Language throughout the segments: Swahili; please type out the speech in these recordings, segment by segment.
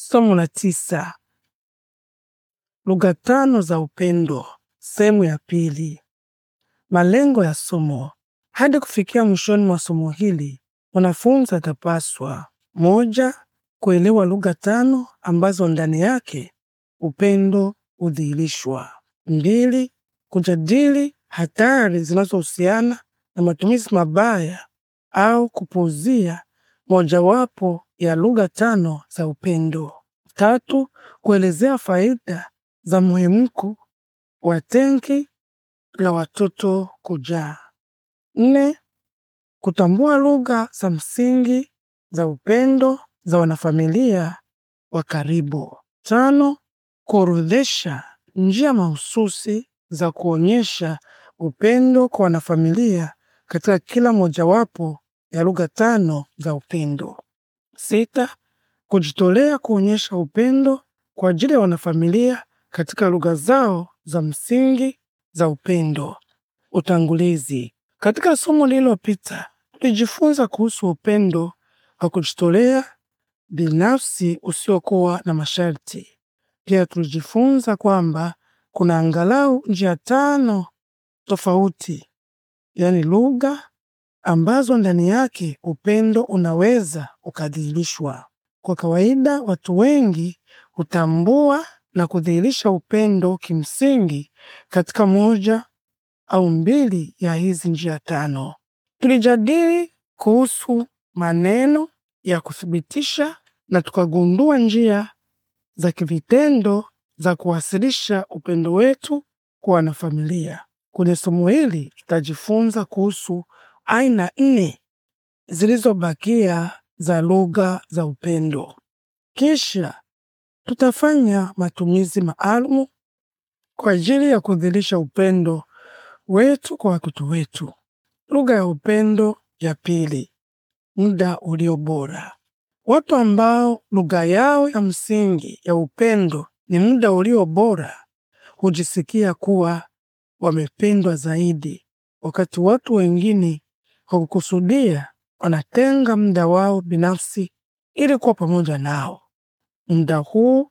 Somo la tisa. Lugha tano za upendo, sehemu ya pili. Malengo ya somo. Hadi kufikia mwishoni mwa somo hili, mwanafunzi atapaswa: moja, kuelewa lugha tano ambazo ndani yake upendo hudhihirishwa; mbili, kujadili hatari zinazohusiana na matumizi mabaya au kupuuzia mojawapo ya lugha tano za upendo. Tatu, kuelezea faida za muhimuko wa tenki la watoto kujaa. Nne, kutambua lugha za msingi za upendo za wanafamilia wa karibu. Tano, kuorodhesha njia mahususi za kuonyesha upendo kwa wanafamilia katika kila mojawapo ya lugha tano za upendo. Sita, kujitolea kuonyesha upendo kwa ajili ya wanafamilia katika lugha zao za msingi za upendo. Utangulizi. Katika somo lililopita tulijifunza kuhusu upendo wa kujitolea binafsi usiokuwa na masharti. Pia tulijifunza kwamba kuna angalau njia tano tofauti, yaani lugha ambazo ndani yake upendo unaweza ukadhihirishwa. Kwa kawaida, watu wengi hutambua na kudhihirisha upendo kimsingi katika moja au mbili ya hizi njia tano. Tulijadili kuhusu maneno ya kuthibitisha na tukagundua njia za kivitendo za kuwasilisha upendo wetu kwa wanafamilia. Kwenye somo hili tutajifunza kuhusu aina nne zilizobakia za lugha za upendo. Kisha tutafanya matumizi maalumu kwa ajili ya kudhilisha upendo wetu kwa watoto wetu. Lugha ya upendo ya pili, muda ulio bora. Watu ambao lugha yao ya msingi ya upendo ni muda ulio bora hujisikia kuwa wamependwa zaidi, wakati watu wengine kwa kukusudia, wanatenga muda wao binafsi ili kuwa pamoja nao. Muda huu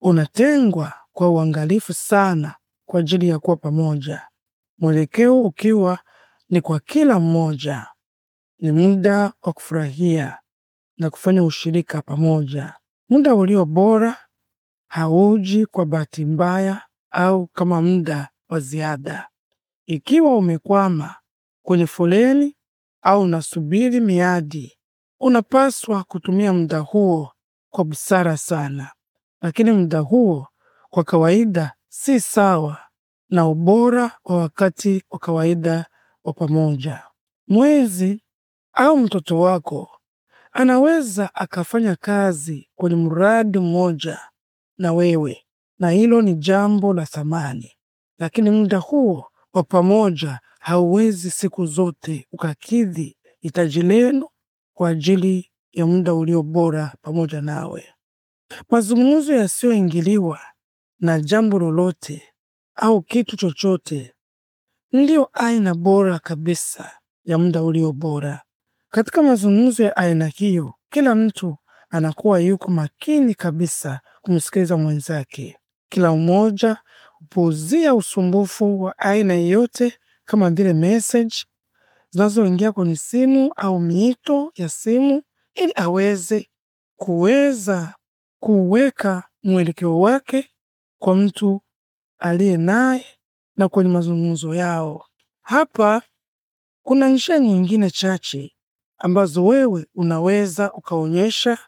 unatengwa kwa uangalifu sana kwa ajili ya kuwa pamoja, mwelekeo ukiwa ni kwa kila mmoja. Ni muda wa kufurahia na kufanya ushirika pamoja. Muda ulio bora hauji kwa bahati mbaya au kama muda wa ziada. Ikiwa umekwama, kwenye foleni au unasubiri miadi, unapaswa kutumia muda huo kwa busara sana. Lakini muda huo kwa kawaida si sawa na ubora wa wakati wa kawaida wa pamoja. Mwezi au mtoto wako anaweza akafanya kazi kwenye mradi mmoja na wewe, na hilo ni jambo la thamani, lakini muda huo kwa pamoja, hauwezi siku zote ukakidhi hitaji lenu kwa ajili ya muda ulio bora pamoja nawe. Mazungumzo yasiyoingiliwa na jambo lolote au kitu chochote ndiyo aina bora kabisa ya muda ulio bora. Katika mazungumzo ya aina hiyo, kila mtu anakuwa yuko makini kabisa kumsikiliza mwenzake, kila mmoja kupuzia usumbufu wa aina yoyote kama vile message zinazoingia kwenye simu au miito ya simu ili aweze kuweza kuweka mwelekeo wake kwa mtu aliye naye na kwenye mazungumzo yao. Hapa kuna njia nyingine chache ambazo wewe unaweza ukaonyesha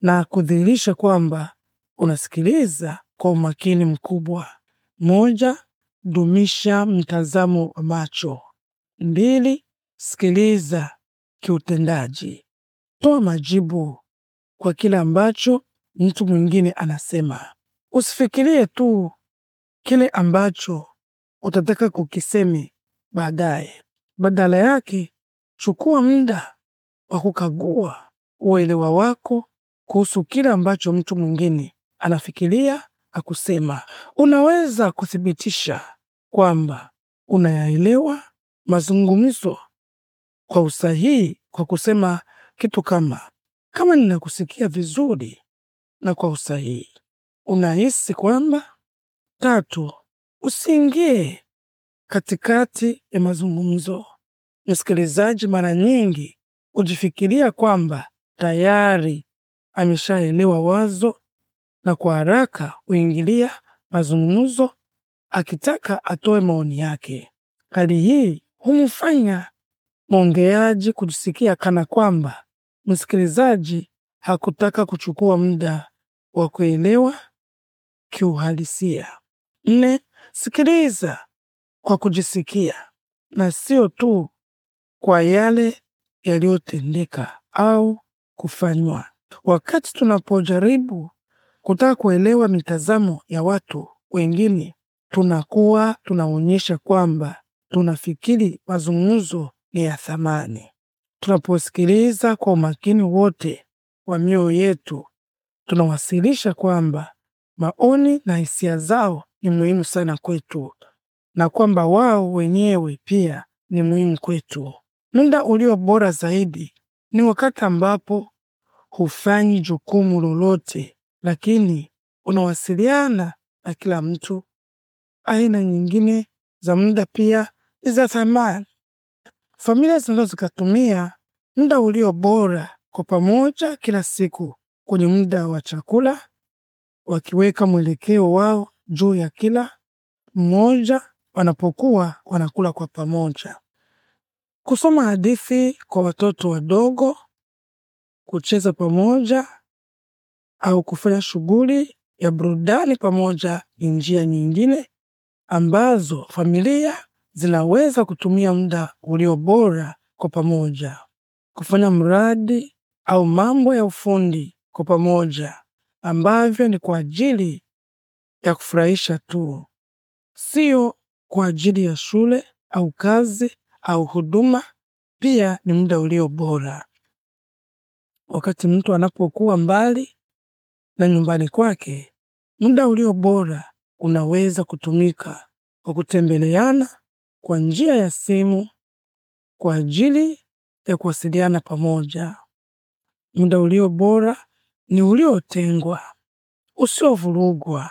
na kudhihirisha kwamba unasikiliza kwa umakini mkubwa. Moja, dumisha mtazamo wa macho. Mbili, sikiliza kiutendaji. Toa majibu kwa kile ambacho mtu mwingine anasema. Usifikirie tu kile ambacho utataka kukisemi baadaye. Badala yake, chukua muda wa kukagua uelewa wako kuhusu kile ambacho mtu mwingine anafikiria akusema Unaweza kuthibitisha kwamba unayaelewa mazungumzo kwa usahihi kwa kusema kitu kama kama ninakusikia vizuri na kwa usahihi, unahisi kwamba. Tatu, usiingie katikati ya mazungumzo. Msikilizaji mara nyingi hujifikiria kwamba tayari ameshaelewa wazo na kwa haraka kuingilia mazungumzo akitaka atoe maoni yake. Hali hii humfanya mwongeaji kujisikia kana kwamba msikilizaji hakutaka kuchukua muda wa kuelewa kiuhalisia. Nne, sikiliza kwa kujisikia na sio tu kwa yale yaliyotendeka au kufanywa. Wakati tunapojaribu kutaka kuelewa mitazamo ya watu wengine, tunakuwa tunaonyesha kwamba tunafikiri mazungumzo ni ya thamani. Tunaposikiliza kwa umakini wote wa mioyo yetu, tunawasilisha kwamba maoni na hisia zao ni muhimu sana kwetu na kwamba wao wenyewe pia ni muhimu kwetu. Muda ulio bora zaidi ni wakati ambapo hufanyi jukumu lolote lakini unawasiliana na kila mtu. Aina nyingine za muda pia ni za thamani. Familia zinazo zikatumia muda ulio bora kwa pamoja kila siku kwenye muda wa chakula, wakiweka mwelekeo wao juu ya kila mmoja wanapokuwa wanakula kwa pamoja. Kusoma hadithi kwa watoto wadogo, kucheza pamoja au kufanya shughuli ya burudani pamoja ni njia nyingine ambazo familia zinaweza kutumia muda ulio bora kwa pamoja. Kufanya mradi au mambo ya ufundi kwa pamoja ambavyo ni kwa ajili ya kufurahisha tu, sio kwa ajili ya shule au kazi au huduma, pia ni muda ulio bora. Wakati mtu anapokuwa mbali na nyumbani kwake, muda ulio bora unaweza kutumika kwa kutembeleana kwa njia ya simu kwa ajili ya kuwasiliana pamoja. Muda ulio bora ni uliotengwa, usiovurugwa,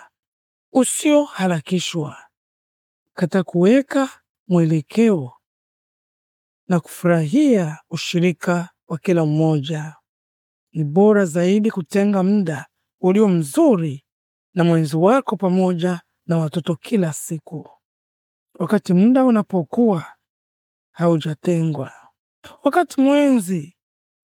usioharakishwa kata kuweka mwelekeo na kufurahia ushirika wa kila mmoja. Ni bora zaidi kutenga muda ulio mzuri na mwenzi wako pamoja na watoto kila siku, wakati muda unapokuwa haujatengwa. Wakati mwenzi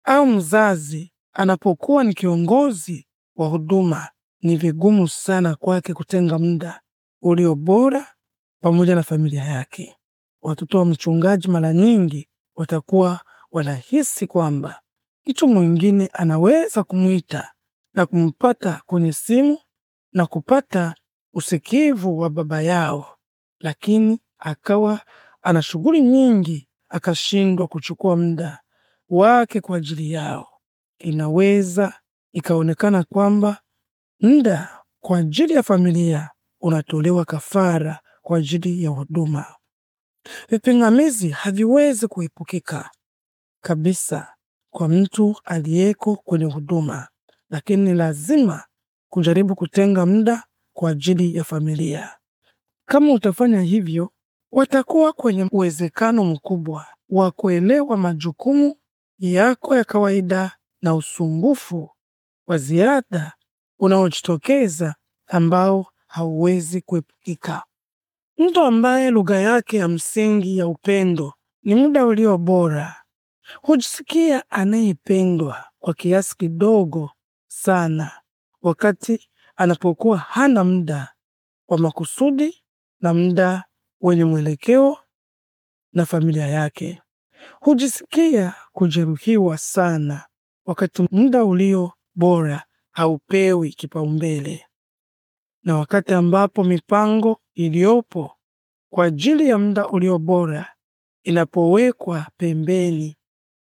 au mzazi anapokuwa ni kiongozi wa huduma, ni vigumu sana kwake kutenga muda ulio bora pamoja na familia yake. Watoto wa mchungaji mara nyingi watakuwa wanahisi kwamba mtu mwingine anaweza kumwita na kumpata kwenye simu na kupata usikivu wa baba yao, lakini akawa ana shughuli nyingi, akashindwa kuchukua muda wake kwa ajili yao. Inaweza ikaonekana kwamba muda kwa ajili ya familia unatolewa kafara kwa ajili ya huduma. Vipingamizi haviwezi kuepukika kabisa kwa mtu aliyeko kwenye huduma, lakini ni lazima kujaribu kutenga muda kwa ajili ya familia. Kama utafanya hivyo, watakuwa kwenye uwezekano mkubwa wa kuelewa majukumu yako ya kawaida na usumbufu wa ziada unaojitokeza ambao hauwezi kuepukika. Mtu ambaye lugha yake ya msingi ya upendo ni muda ulio bora hujisikia anayependwa kwa kiasi kidogo sana wakati anapokuwa hana muda wa makusudi na muda wenye mwelekeo na familia yake. Hujisikia kujeruhiwa sana wakati muda ulio bora haupewi kipaumbele na wakati ambapo mipango iliyopo kwa ajili ya muda ulio bora inapowekwa pembeni,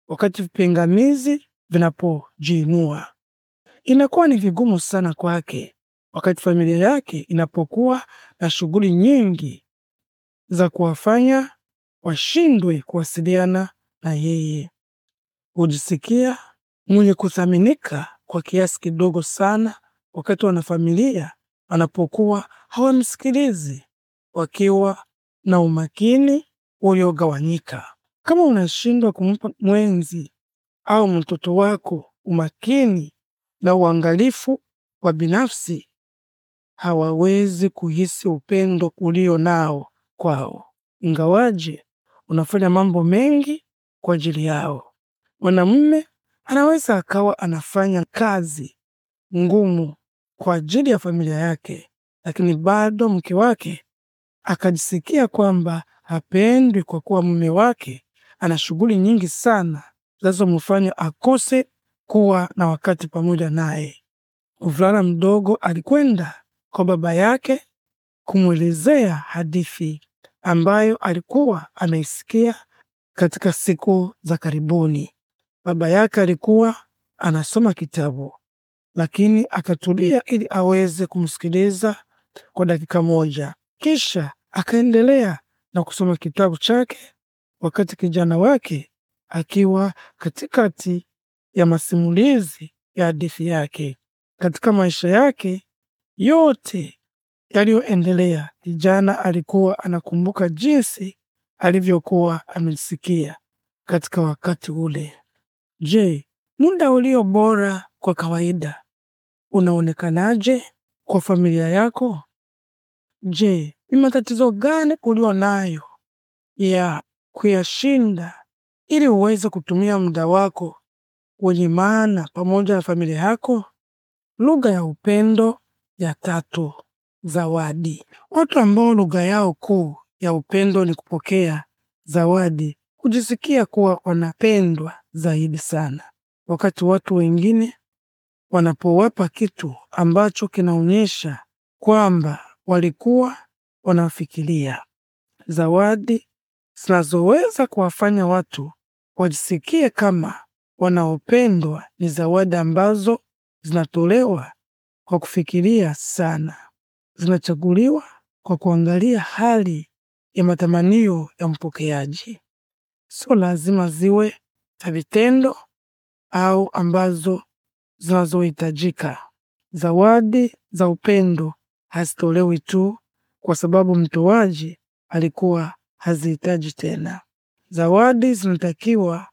wakati vipingamizi vinapojiinua inakuwa ni vigumu sana kwake wakati familia yake inapokuwa na shughuli nyingi za kuwafanya washindwe kuwasiliana na yeye. Hujisikia mwenye kuthaminika kwa kiasi kidogo sana wakati wanafamilia wanapokuwa hawamsikilizi wakiwa na umakini uliogawanyika. Kama unashindwa kumpa mwenzi au mtoto wako umakini na uangalifu wa binafsi hawawezi kuhisi upendo ulio nao kwao, ingawaje unafanya mambo mengi kwa ajili yao. Mwanamume anaweza akawa anafanya kazi ngumu kwa ajili ya familia yake, lakini bado mke wake akajisikia kwamba hapendwi kwa kuwa mume wake ana shughuli nyingi sana zinazomfanya akose kuwa na wakati pamoja naye. Mvulana mdogo alikwenda kwa baba yake kumwelezea hadithi ambayo alikuwa ameisikia katika siku za karibuni. Baba yake alikuwa anasoma kitabu, lakini akatulia ili aweze kumsikiliza kwa dakika moja, kisha akaendelea na kusoma kitabu chake, wakati kijana wake akiwa katikati ya masimulizi ya hadithi yake. Katika maisha yake yote yaliyoendelea, kijana alikuwa anakumbuka jinsi alivyokuwa amesikia katika wakati ule. Je, muda ulio bora kwa kawaida unaonekanaje kwa familia yako? Je, ni matatizo gani ulio nayo ya kuyashinda ili uweze kutumia muda wako wenye maana pamoja na familia yako. Lugha ya upendo ya tatu, zawadi. Watu ambao lugha yao kuu ya upendo ni kupokea zawadi hujisikia kuwa wanapendwa zaidi sana. Wakati watu wengine wanapowapa kitu ambacho kinaonyesha kwamba walikuwa wanafikiria, zawadi zinazoweza kuwafanya watu wajisikie kama wanaopendwa ni zawadi ambazo zinatolewa kwa kufikiria sana, zinachaguliwa kwa kuangalia hali ya matamanio ya mpokeaji. Sio lazima ziwe za vitendo au ambazo zinazohitajika. Zawadi za upendo hazitolewi tu kwa sababu mtoaji alikuwa hazihitaji tena. Zawadi zinatakiwa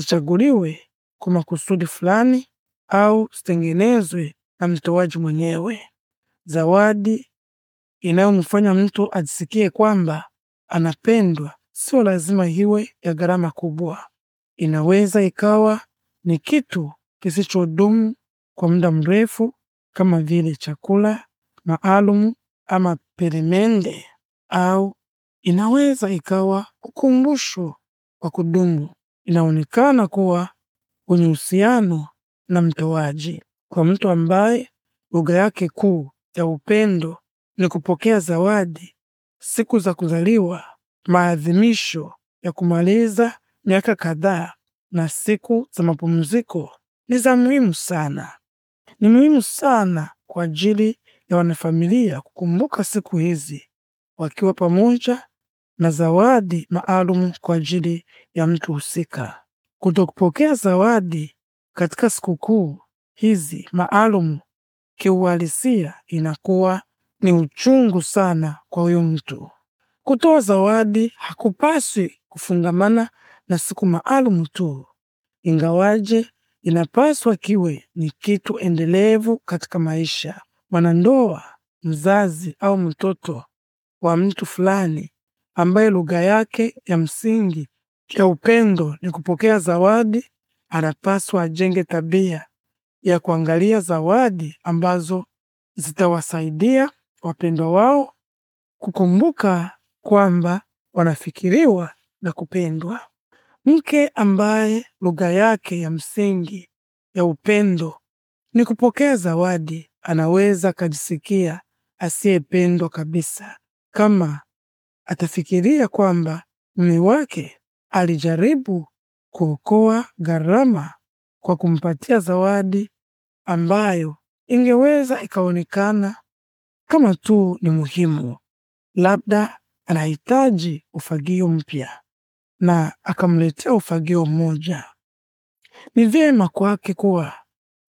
zichaguliwe kwa makusudi fulani au zitengenezwe na mtoaji mwenyewe. Zawadi inayomfanya mtu ajisikie kwamba anapendwa sio lazima iwe ya gharama kubwa. Inaweza ikawa ni kitu kisichodumu kwa muda mrefu kama vile chakula maalumu ama peremende, au inaweza ikawa ukumbusho wa kudumu inaonekana kuwa kwenye uhusiano na mtoaji, kwa mtu ambaye lugha yake kuu ya upendo ni kupokea zawadi, siku za kuzaliwa, maadhimisho ya kumaliza miaka kadhaa na siku za mapumziko ni za muhimu sana. Ni muhimu sana kwa ajili ya wanafamilia kukumbuka siku hizi wakiwa pamoja na zawadi maalum kwa ajili ya mtu husika. Kutokupokea zawadi katika sikukuu hizi maalum kiuhalisia inakuwa ni uchungu sana kwa huyo mtu. Kutoa zawadi hakupaswi kufungamana na siku maalum tu, ingawaje inapaswa kiwe ni kitu endelevu katika maisha. Mwanandoa, mzazi au mtoto wa mtu fulani ambaye lugha yake ya msingi ya upendo ni kupokea zawadi, anapaswa ajenge tabia ya kuangalia zawadi ambazo zitawasaidia wapendwa wao kukumbuka kwamba wanafikiriwa na kupendwa. Mke ambaye lugha yake ya msingi ya upendo ni kupokea zawadi, anaweza kajisikia asiyependwa kabisa kama atafikiria kwamba mume wake alijaribu kuokoa gharama kwa kumpatia zawadi ambayo ingeweza ikaonekana kama tu ni muhimu, labda anahitaji ufagio mpya, na akamletea ufagio mmoja. Ni vyema kwake kuwa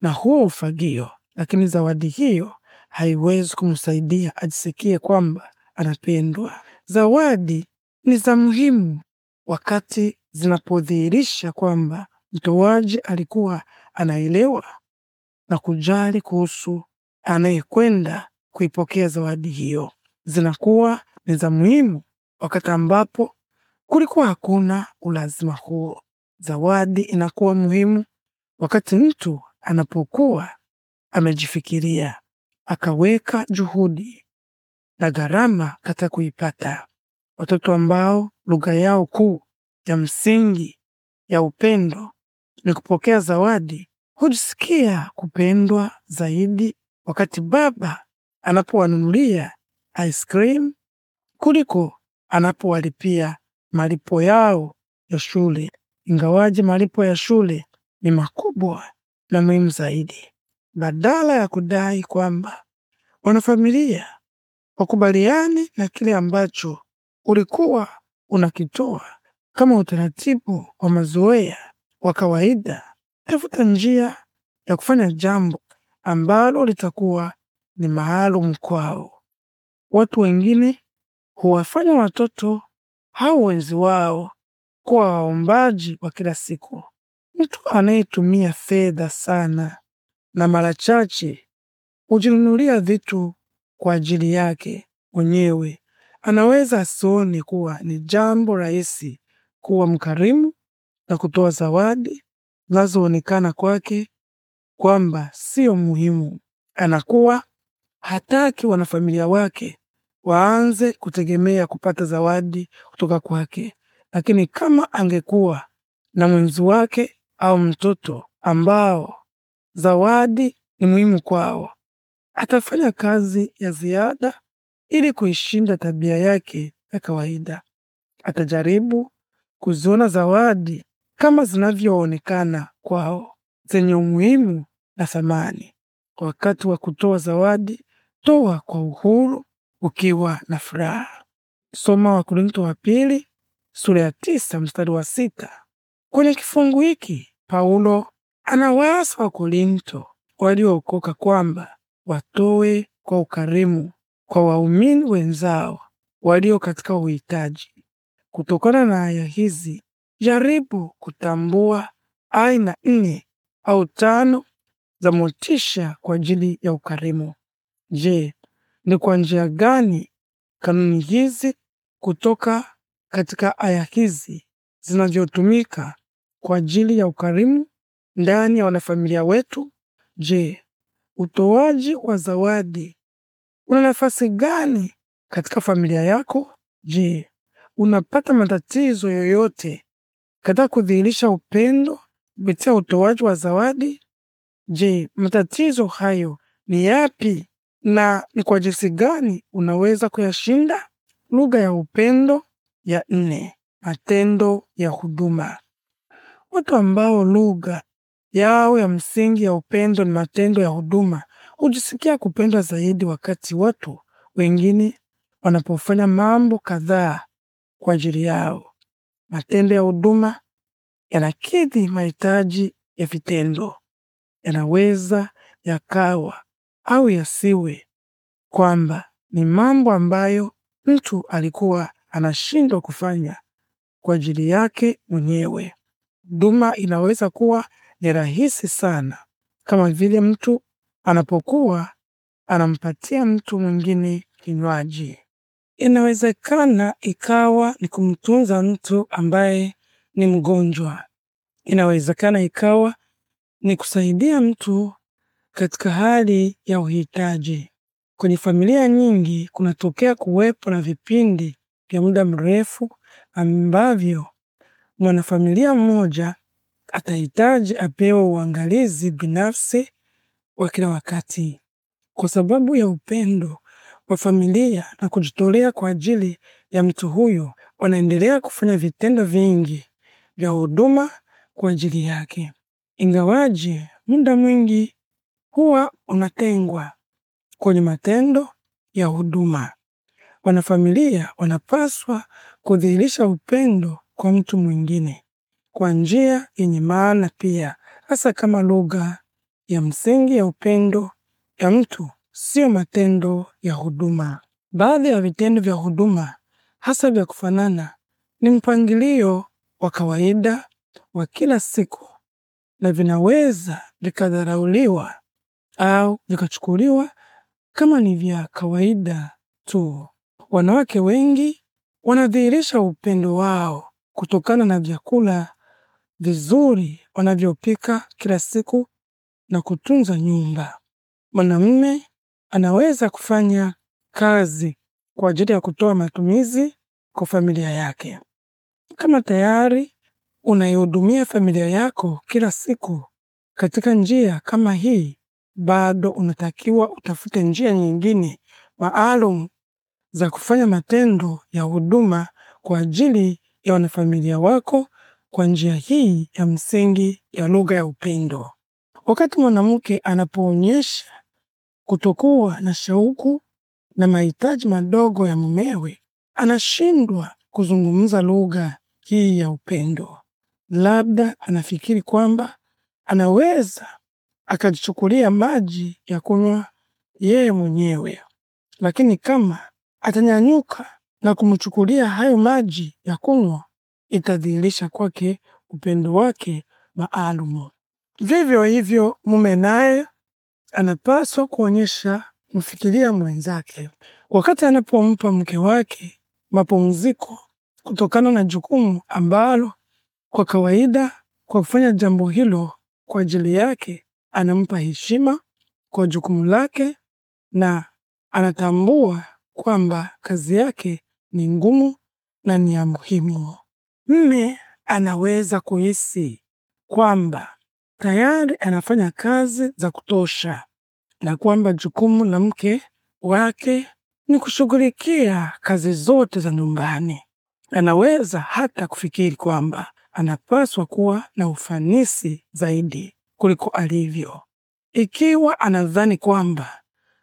na huo ufagio, lakini zawadi hiyo haiwezi kumsaidia ajisikie kwamba anapendwa. Zawadi ni za muhimu wakati zinapodhihirisha kwamba mtoaji alikuwa anaelewa na kujali kuhusu anayekwenda kuipokea zawadi hiyo. Zinakuwa ni za muhimu wakati ambapo kulikuwa hakuna ulazima huo. Zawadi inakuwa muhimu wakati mtu anapokuwa amejifikiria akaweka juhudi na gharama katika kuipata. Watoto ambao lugha yao kuu ya msingi ya upendo ni kupokea zawadi hujisikia kupendwa zaidi wakati baba anapowanunulia ice cream kuliko anapowalipia malipo yao ya shule, ingawaje malipo ya shule ni makubwa na muhimu zaidi. Badala ya kudai kwamba wanafamilia wakubaliane na kile ambacho ulikuwa unakitoa kama utaratibu wa mazoea wa kawaida. Tafuta njia ya kufanya jambo ambalo litakuwa ni maalum kwao. Watu wengine huwafanya watoto au wenzi wao kuwa waombaji wa kila siku. Mtu anayetumia fedha sana na mara chache hujinunulia vitu kwa ajili yake mwenyewe. Anaweza asione kuwa ni jambo rahisi kuwa mkarimu na kutoa zawadi zinazoonekana kwake kwamba sio muhimu. Anakuwa hataki wanafamilia wake waanze kutegemea kupata zawadi kutoka kwake, lakini kama angekuwa na mwenzi wake au mtoto ambao zawadi ni muhimu kwao, atafanya kazi ya ziada ili kuishinda tabia yake ya kawaida. Atajaribu kuziona zawadi kama zinavyoonekana kwao zenye umuhimu na thamani. Wakati wa kutoa zawadi, toa kwa uhuru ukiwa na furaha. Soma Wakorintho wa pili sura ya tisa mstari wa sita. Kwenye kifungu hiki Paulo anawaasa Wakorinto waliookoka kwamba watoe kwa ukarimu kwa waumini wenzao walio katika uhitaji. Kutokana na aya hizi, jaribu kutambua aina nne au tano za motisha kwa ajili ya ukarimu. Je, ni kwa njia gani kanuni hizi kutoka katika aya hizi zinavyotumika kwa ajili ya ukarimu ndani ya wanafamilia wetu? Je, utoaji wa zawadi. Una nafasi gani katika familia yako? Je, unapata matatizo yoyote katika kudhihirisha upendo kupitia utoaji wa zawadi? Je, matatizo hayo ni yapi na ni kwa jinsi gani unaweza kuyashinda? Lugha ya upendo ya nne: matendo ya huduma. Watu ambao lugha yao ya msingi ya upendo ni matendo ya huduma. Hujisikia kupendwa zaidi wakati watu wengine wanapofanya mambo kadhaa kwa ajili yao. Matendo ya huduma yanakidhi mahitaji ya vitendo, yanaweza yakawa au yasiwe, kwamba ni mambo ambayo mtu alikuwa anashindwa kufanya kwa ajili yake mwenyewe. Huduma inaweza kuwa ni rahisi sana, kama vile mtu anapokuwa anampatia mtu mwingine kinywaji. Inawezekana ikawa ni kumtunza mtu ambaye ni mgonjwa. Inawezekana ikawa ni kusaidia mtu katika hali ya uhitaji. Kwenye familia nyingi kunatokea kuwepo na vipindi vya muda mrefu ambavyo mwanafamilia mmoja atahitaji apewe uangalizi binafsi wa kila wakati. Kwa sababu ya upendo wa familia na kujitolea kwa ajili ya mtu huyo, wanaendelea kufanya vitendo vingi vya huduma kwa ajili yake, ingawaji muda mwingi huwa unatengwa kwenye matendo ya huduma. Wanafamilia wanapaswa kudhihirisha upendo kwa mtu mwingine kwa njia yenye maana pia, hasa kama lugha ya msingi ya upendo ya mtu siyo matendo ya huduma. Baadhi ya vitendo vya huduma, hasa vya kufanana, ni mpangilio wa kawaida wa kila siku na vinaweza vikadharauliwa au vikachukuliwa kama ni vya kawaida tu. Wanawake wengi wanadhihirisha upendo wao kutokana na vyakula vizuri wanavyopika kila siku na kutunza nyumba. Mwanamume anaweza kufanya kazi kwa ajili ya kutoa matumizi kwa familia yake. Kama tayari unaihudumia familia yako kila siku katika njia kama hii, bado unatakiwa utafute njia nyingine maalum za kufanya matendo ya huduma kwa ajili ya wanafamilia wako kwa njia hii ya msingi ya lugha ya upendo. Wakati mwanamke anapoonyesha kutokuwa na shauku na mahitaji madogo ya mumewe, anashindwa kuzungumza lugha hii ya upendo. Labda anafikiri kwamba anaweza akajichukulia maji ya kunywa yeye mwenyewe, lakini kama atanyanyuka na kumchukulia hayo maji ya kunywa itadhihirisha kwake upendo wake maalumu. Vivyo hivyo, mume naye anapaswa kuonyesha mfikiria mwenzake wakati anapompa mke wake mapumziko kutokana na jukumu ambalo kwa kawaida, kwa kufanya jambo hilo kwa ajili yake, anampa heshima kwa jukumu lake na anatambua kwamba kazi yake ni ngumu na ni ya muhimu. Mme anaweza kuhisi kwamba tayari anafanya kazi za kutosha na kwamba jukumu la mke wake ni kushughulikia kazi zote za nyumbani. Anaweza hata kufikiri kwamba anapaswa kuwa na ufanisi zaidi kuliko alivyo, ikiwa anadhani kwamba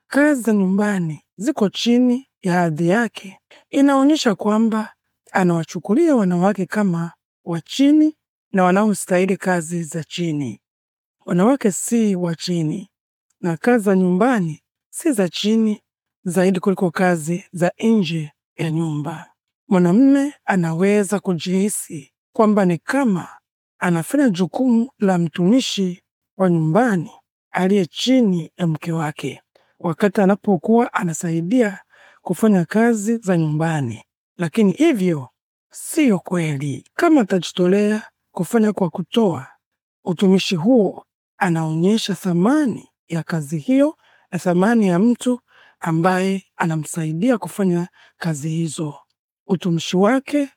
kazi za nyumbani ziko chini ya hadhi yake. Inaonyesha kwamba anawachukulia wanawake kama wa chini na wanaostahili kazi za chini. Wanawake si wa chini, na kazi za nyumbani si za chini zaidi kuliko kazi za nje ya nyumba. Mwanamume anaweza kujihisi kwamba ni kama anafanya jukumu la mtumishi wa nyumbani aliye chini ya mke wake, wakati anapokuwa anasaidia kufanya kazi za nyumbani lakini hivyo siyo kweli. Kama atajitolea kufanya kwa kutoa utumishi huo, anaonyesha thamani ya kazi hiyo na thamani ya mtu ambaye anamsaidia kufanya kazi hizo. Utumishi wake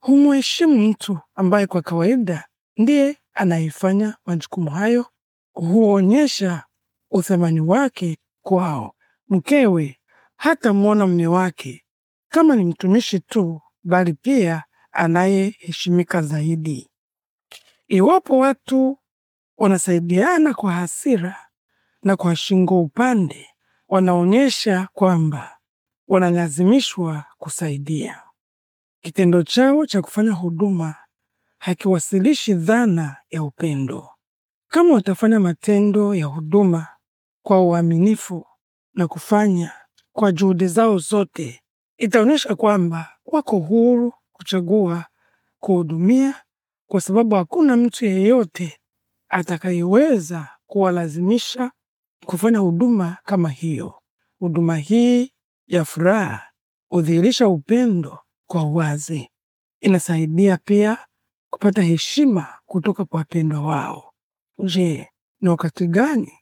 humheshimu mtu ambaye kwa kawaida ndiye anayefanya majukumu hayo, huonyesha uthamani wake kwao. Mkewe hata mwona mme wake kama ni mtumishi tu, bali pia anayeheshimika zaidi. Iwapo watu wanasaidiana kwa hasira na kwa shingo upande, wanaonyesha kwamba wanalazimishwa kusaidia. Kitendo chao cha kufanya huduma hakiwasilishi dhana ya upendo. Kama watafanya matendo ya huduma kwa uaminifu na kufanya kwa juhudi zao zote itaonyesha kwamba wako huru kuchagua kuhudumia, kwa sababu hakuna mtu yeyote atakayeweza kuwalazimisha kufanya huduma kama hiyo. Huduma hii ya furaha hudhihirisha upendo kwa uwazi. Inasaidia pia kupata heshima kutoka kwa wapendwa wao. Je, ni wakati gani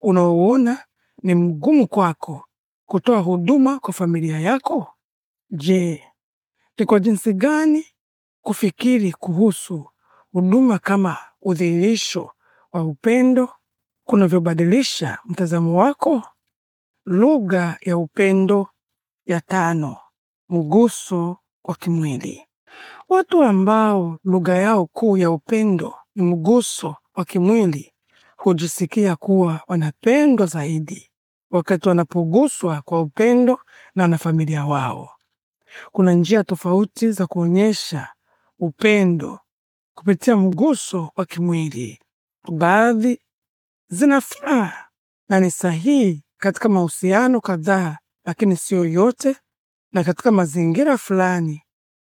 unaoona ni mgumu kwako kutoa huduma kwa familia yako? Je, ni kwa jinsi gani kufikiri kuhusu huduma kama udhihirisho wa upendo kunavyobadilisha mtazamo wako? Lugha ya upendo ya tano: mguso wa kimwili. Watu ambao lugha yao kuu ya upendo ni mguso wa kimwili hujisikia kuwa wanapendwa zaidi wakati wanapoguswa kwa upendo na wanafamilia wao. Kuna njia tofauti za kuonyesha upendo kupitia mguso wa kimwili. Baadhi zinafaa na ni sahihi katika mahusiano kadhaa, lakini siyo yote, na katika mazingira fulani,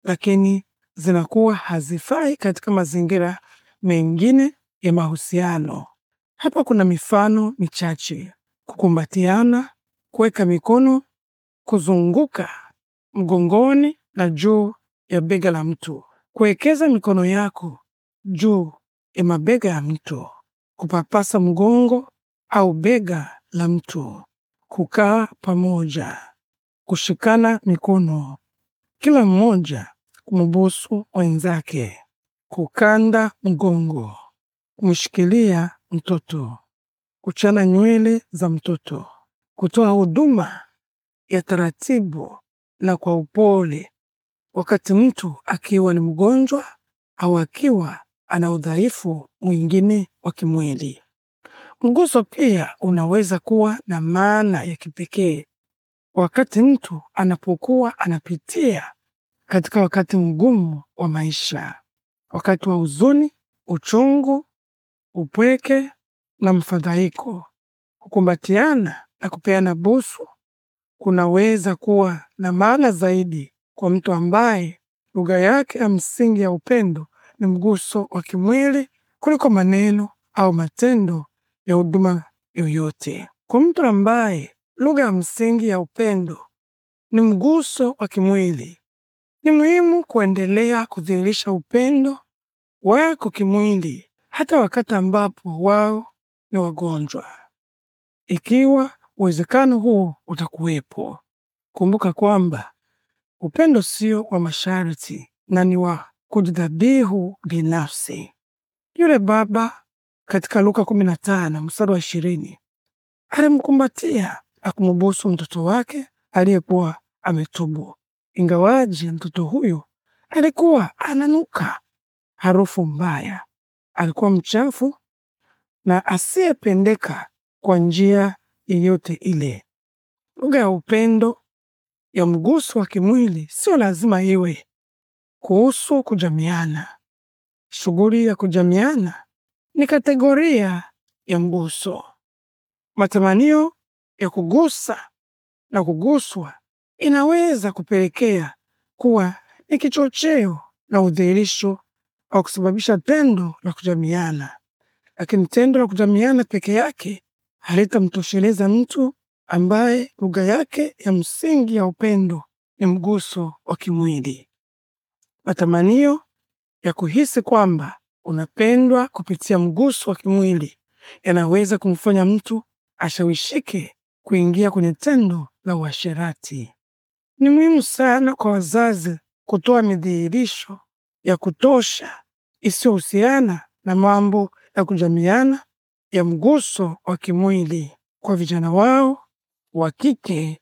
lakini zinakuwa hazifai katika mazingira mengine ya mahusiano. Hapa kuna mifano michache: kukumbatiana, kuweka mikono, kuzunguka mgongoni na juu ya bega la mtu, kuwekeza mikono yako juu ya mabega ya mtu, kupapasa mgongo au bega la mtu, kukaa pamoja, kushikana mikono, kila mmoja kumbusu wenzake, kukanda mgongo, kumshikilia mtoto, kuchana nywele za mtoto, kutoa huduma ya taratibu na kwa upole, wakati mtu akiwa ni mgonjwa au akiwa ana udhaifu mwingine wa kimwili. Mguso pia unaweza kuwa na maana ya kipekee wakati mtu anapokuwa anapitia katika wakati mgumu wa maisha, wakati wa huzuni, uchungu, upweke na mfadhaiko. Kukumbatiana na kupeana busu kunaweza kuwa na maana zaidi kwa mtu ambaye lugha yake ya msingi ya upendo ni mguso wa kimwili kuliko maneno au matendo ya huduma yoyote. Kwa mtu ambaye lugha ya msingi ya upendo ni mguso wa kimwili, ni muhimu kuendelea kudhihirisha upendo wako kimwili hata wakati ambapo wao ni wagonjwa, ikiwa uwezekano huo utakuwepo. Kumbuka kwamba upendo sio wa masharti na ni wa kujidhabihu binafsi. Yule baba katika Luka 15 mstari wa 20 alimkumbatia akumubusu mtoto wake aliyekuwa ametubu, ingawaji mtoto huyo alikuwa ananuka harufu mbaya, alikuwa mchafu na asiyependeka kwa njia yeyote ile. Lugha ya upendo ya mguso wa kimwili sio lazima iwe kuhusu kujamiana. Shughuli ya kujamiana ni kategoria ya mguso. Matamanio ya kugusa na kuguswa inaweza kupelekea kuwa ni kichocheo na udhihirisho au kusababisha tendo la kujamiana, lakini tendo la kujamiana peke yake halitamtosheleza mtu ambaye lugha yake ya msingi ya upendo ni mguso wa kimwili, matamanio ya kuhisi kwamba unapendwa kupitia mguso wa kimwili yanaweza kumfanya mtu ashawishike kuingia kwenye tendo la uasherati. Ni muhimu sana kwa wazazi kutoa midhihirisho ya kutosha isiyohusiana na mambo ya kujamiana ya mguso wa kimwili kwa vijana wao wa kike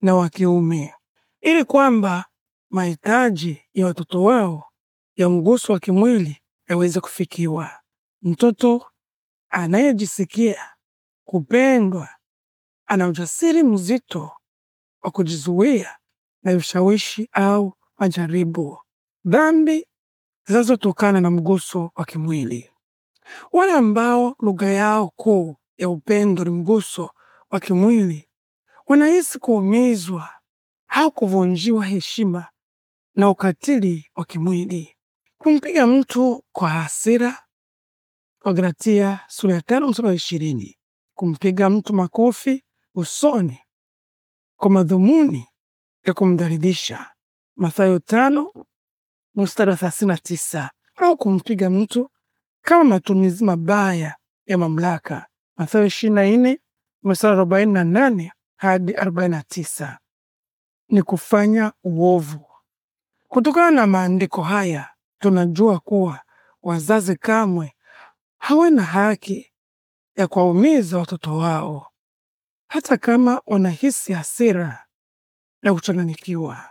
na wa kiume, ili kwamba mahitaji ya watoto wao ya mguso wa kimwili yaweze kufikiwa. Mtoto anayejisikia kupendwa ana ujasiri mzito wa kujizuia na ushawishi au majaribu dhambi zinazotokana na mguso wa kimwili. Wale ambao lugha yao kuu ya upendo ni mguso wa kimwili wanahisi kuumizwa au kuvunjiwa heshima na ukatili wa kimwili. Kumpiga mtu kwa hasira, Wagalatia sura ya tano mstari wa ishirini. Kumpiga mtu makofi usoni kwa madhumuni ya kumdhalilisha, Mathayo tano mstari wa thelathini na tisa, au kumpiga mtu kama matumizi mabaya ya mamlaka Mathayo ishirini na nne mstari arobaini na nane hadi arobaini na tisa ni kufanya uovu. Kutokana na maandiko haya tunajua kuwa wazazi kamwe hawana haki ya kuwaumiza watoto wao hata kama wanahisi hasira na kuchanganyikiwa.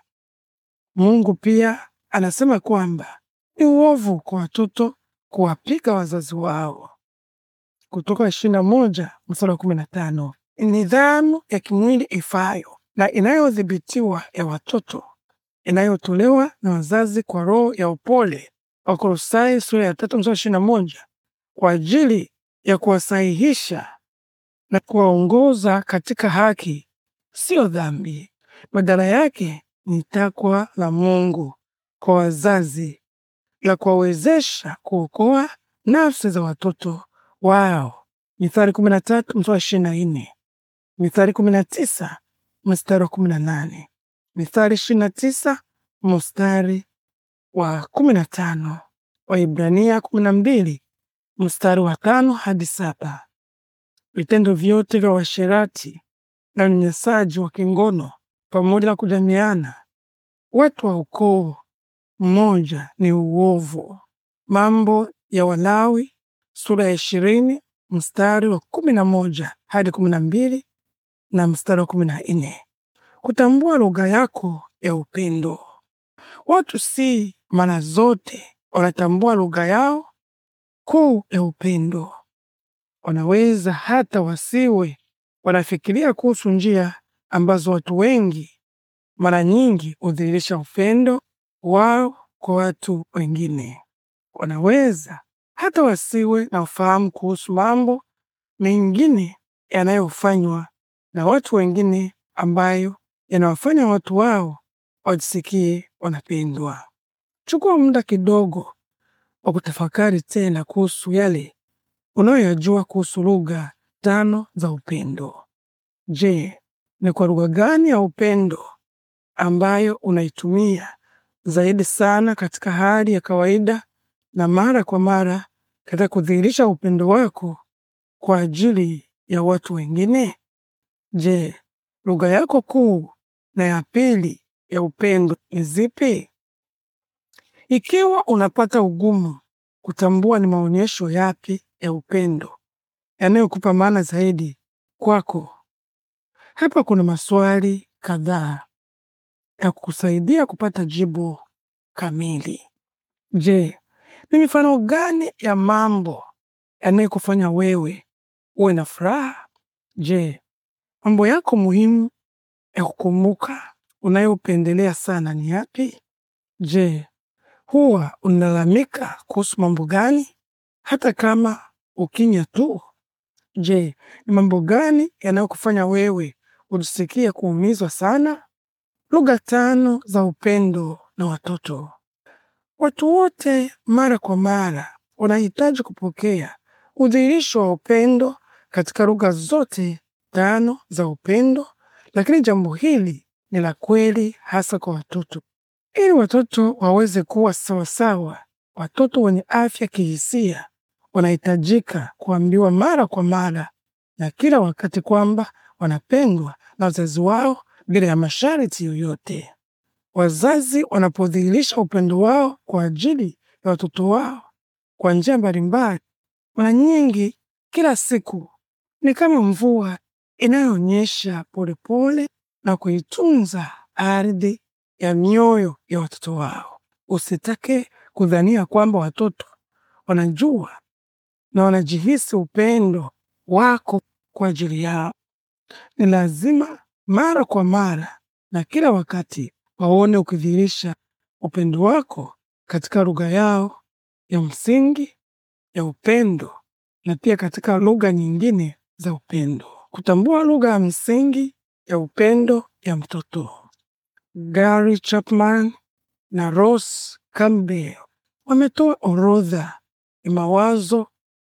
Mungu pia anasema kwamba ni uovu kwa watoto kuwapiga wazazi wao Kutoka ishirini na moja mstari wa kumi na tano. Nidhamu ya kimwili ifayo na inayodhibitiwa ya watoto inayotolewa na wazazi kwa roho ya upole, Wakolosai sura ya tatu mstari ishirini na moja, kwa ajili ya kuwasahihisha na kuwaongoza katika haki, siyo dhambi. Badala yake ni takwa la Mungu kwa wazazi na kuwawezesha kuokoa nafsi za watoto wao. Mithali 13 mstari wa 24, Mithali 19 mstari wa 18, Mithali 29 mstari wa 15, Waibrania 12 mstari wa 5 hadi 7. Vitendo vyote vya washerati na unyanyasaji wa kingono pamoja na kujamiana watu wa ukoo moja ni uovu. Mambo ya Walawi sura ya ishirini mstari wa kumi na moja hadi kumi na mbili na mstari wa kumi na nne Kutambua lugha yako ya upendo. Watu si mara zote wanatambua lugha yao kuu ya upendo. Wanaweza hata wasiwe wanafikiria kuhusu njia ambazo watu wengi mara nyingi hudhihirisha upendo wao kwa watu wengine. Wanaweza hata wasiwe na ufahamu kuhusu mambo mengine yanayofanywa na watu wengine ambayo yanawafanya watu wao wajisikie wanapendwa. Chukua muda kidogo wa kutafakari tena kuhusu yale unayoyajua kuhusu lugha tano za upendo. Je, ni kwa lugha gani ya upendo ambayo unaitumia zaidi sana katika hali ya kawaida na mara kwa mara katika kudhihirisha upendo wako kwa ajili ya watu wengine? Je, lugha yako kuu na ya pili ya upendo ni zipi? Ikiwa unapata ugumu kutambua ni maonyesho yapi ya upendo yanayokupa maana zaidi kwako, hapa kuna maswali kadhaa ya kukusaidia kupata jibu kamili. Je, ni mifano gani ya mambo yanayokufanya wewe uwe na furaha? Je, mambo yako muhimu ya kukumbuka unayopendelea sana ni yapi? Je, huwa unalalamika kuhusu mambo gani hata kama ukinya tu? Je, ni mambo gani yanayokufanya wewe ujisikie kuumizwa sana? Lugha tano za upendo na watoto. Watu wote mara kwa mara wanahitaji kupokea udhihirisho wa upendo katika lugha zote tano za upendo, lakini jambo hili ni la kweli hasa kwa watoto. Ili watoto waweze kuwa sawasawa, watoto wenye afya kihisia wanahitajika kuambiwa mara kwa mara na kila wakati kwamba wanapendwa na wazazi wao bila ya masharti yoyote. Wazazi wanapodhihirisha upendo wao kwa ajili ya watoto wao kwa njia mbalimbali, mara nyingi kila siku ni kama mvua inayoonyesha polepole na kuitunza ardhi ya mioyo ya watoto wao. Usitake kudhania kwamba watoto wanajua na wanajihisi upendo wako kwa ajili yao. Ni lazima mara kwa mara na kila wakati waone ukidhihirisha upendo wako katika lugha yao ya msingi ya upendo na pia katika lugha nyingine za upendo. Kutambua lugha ya msingi ya upendo ya mtoto. Gary Chapman na Ross Campbell wametoa orodha ya mawazo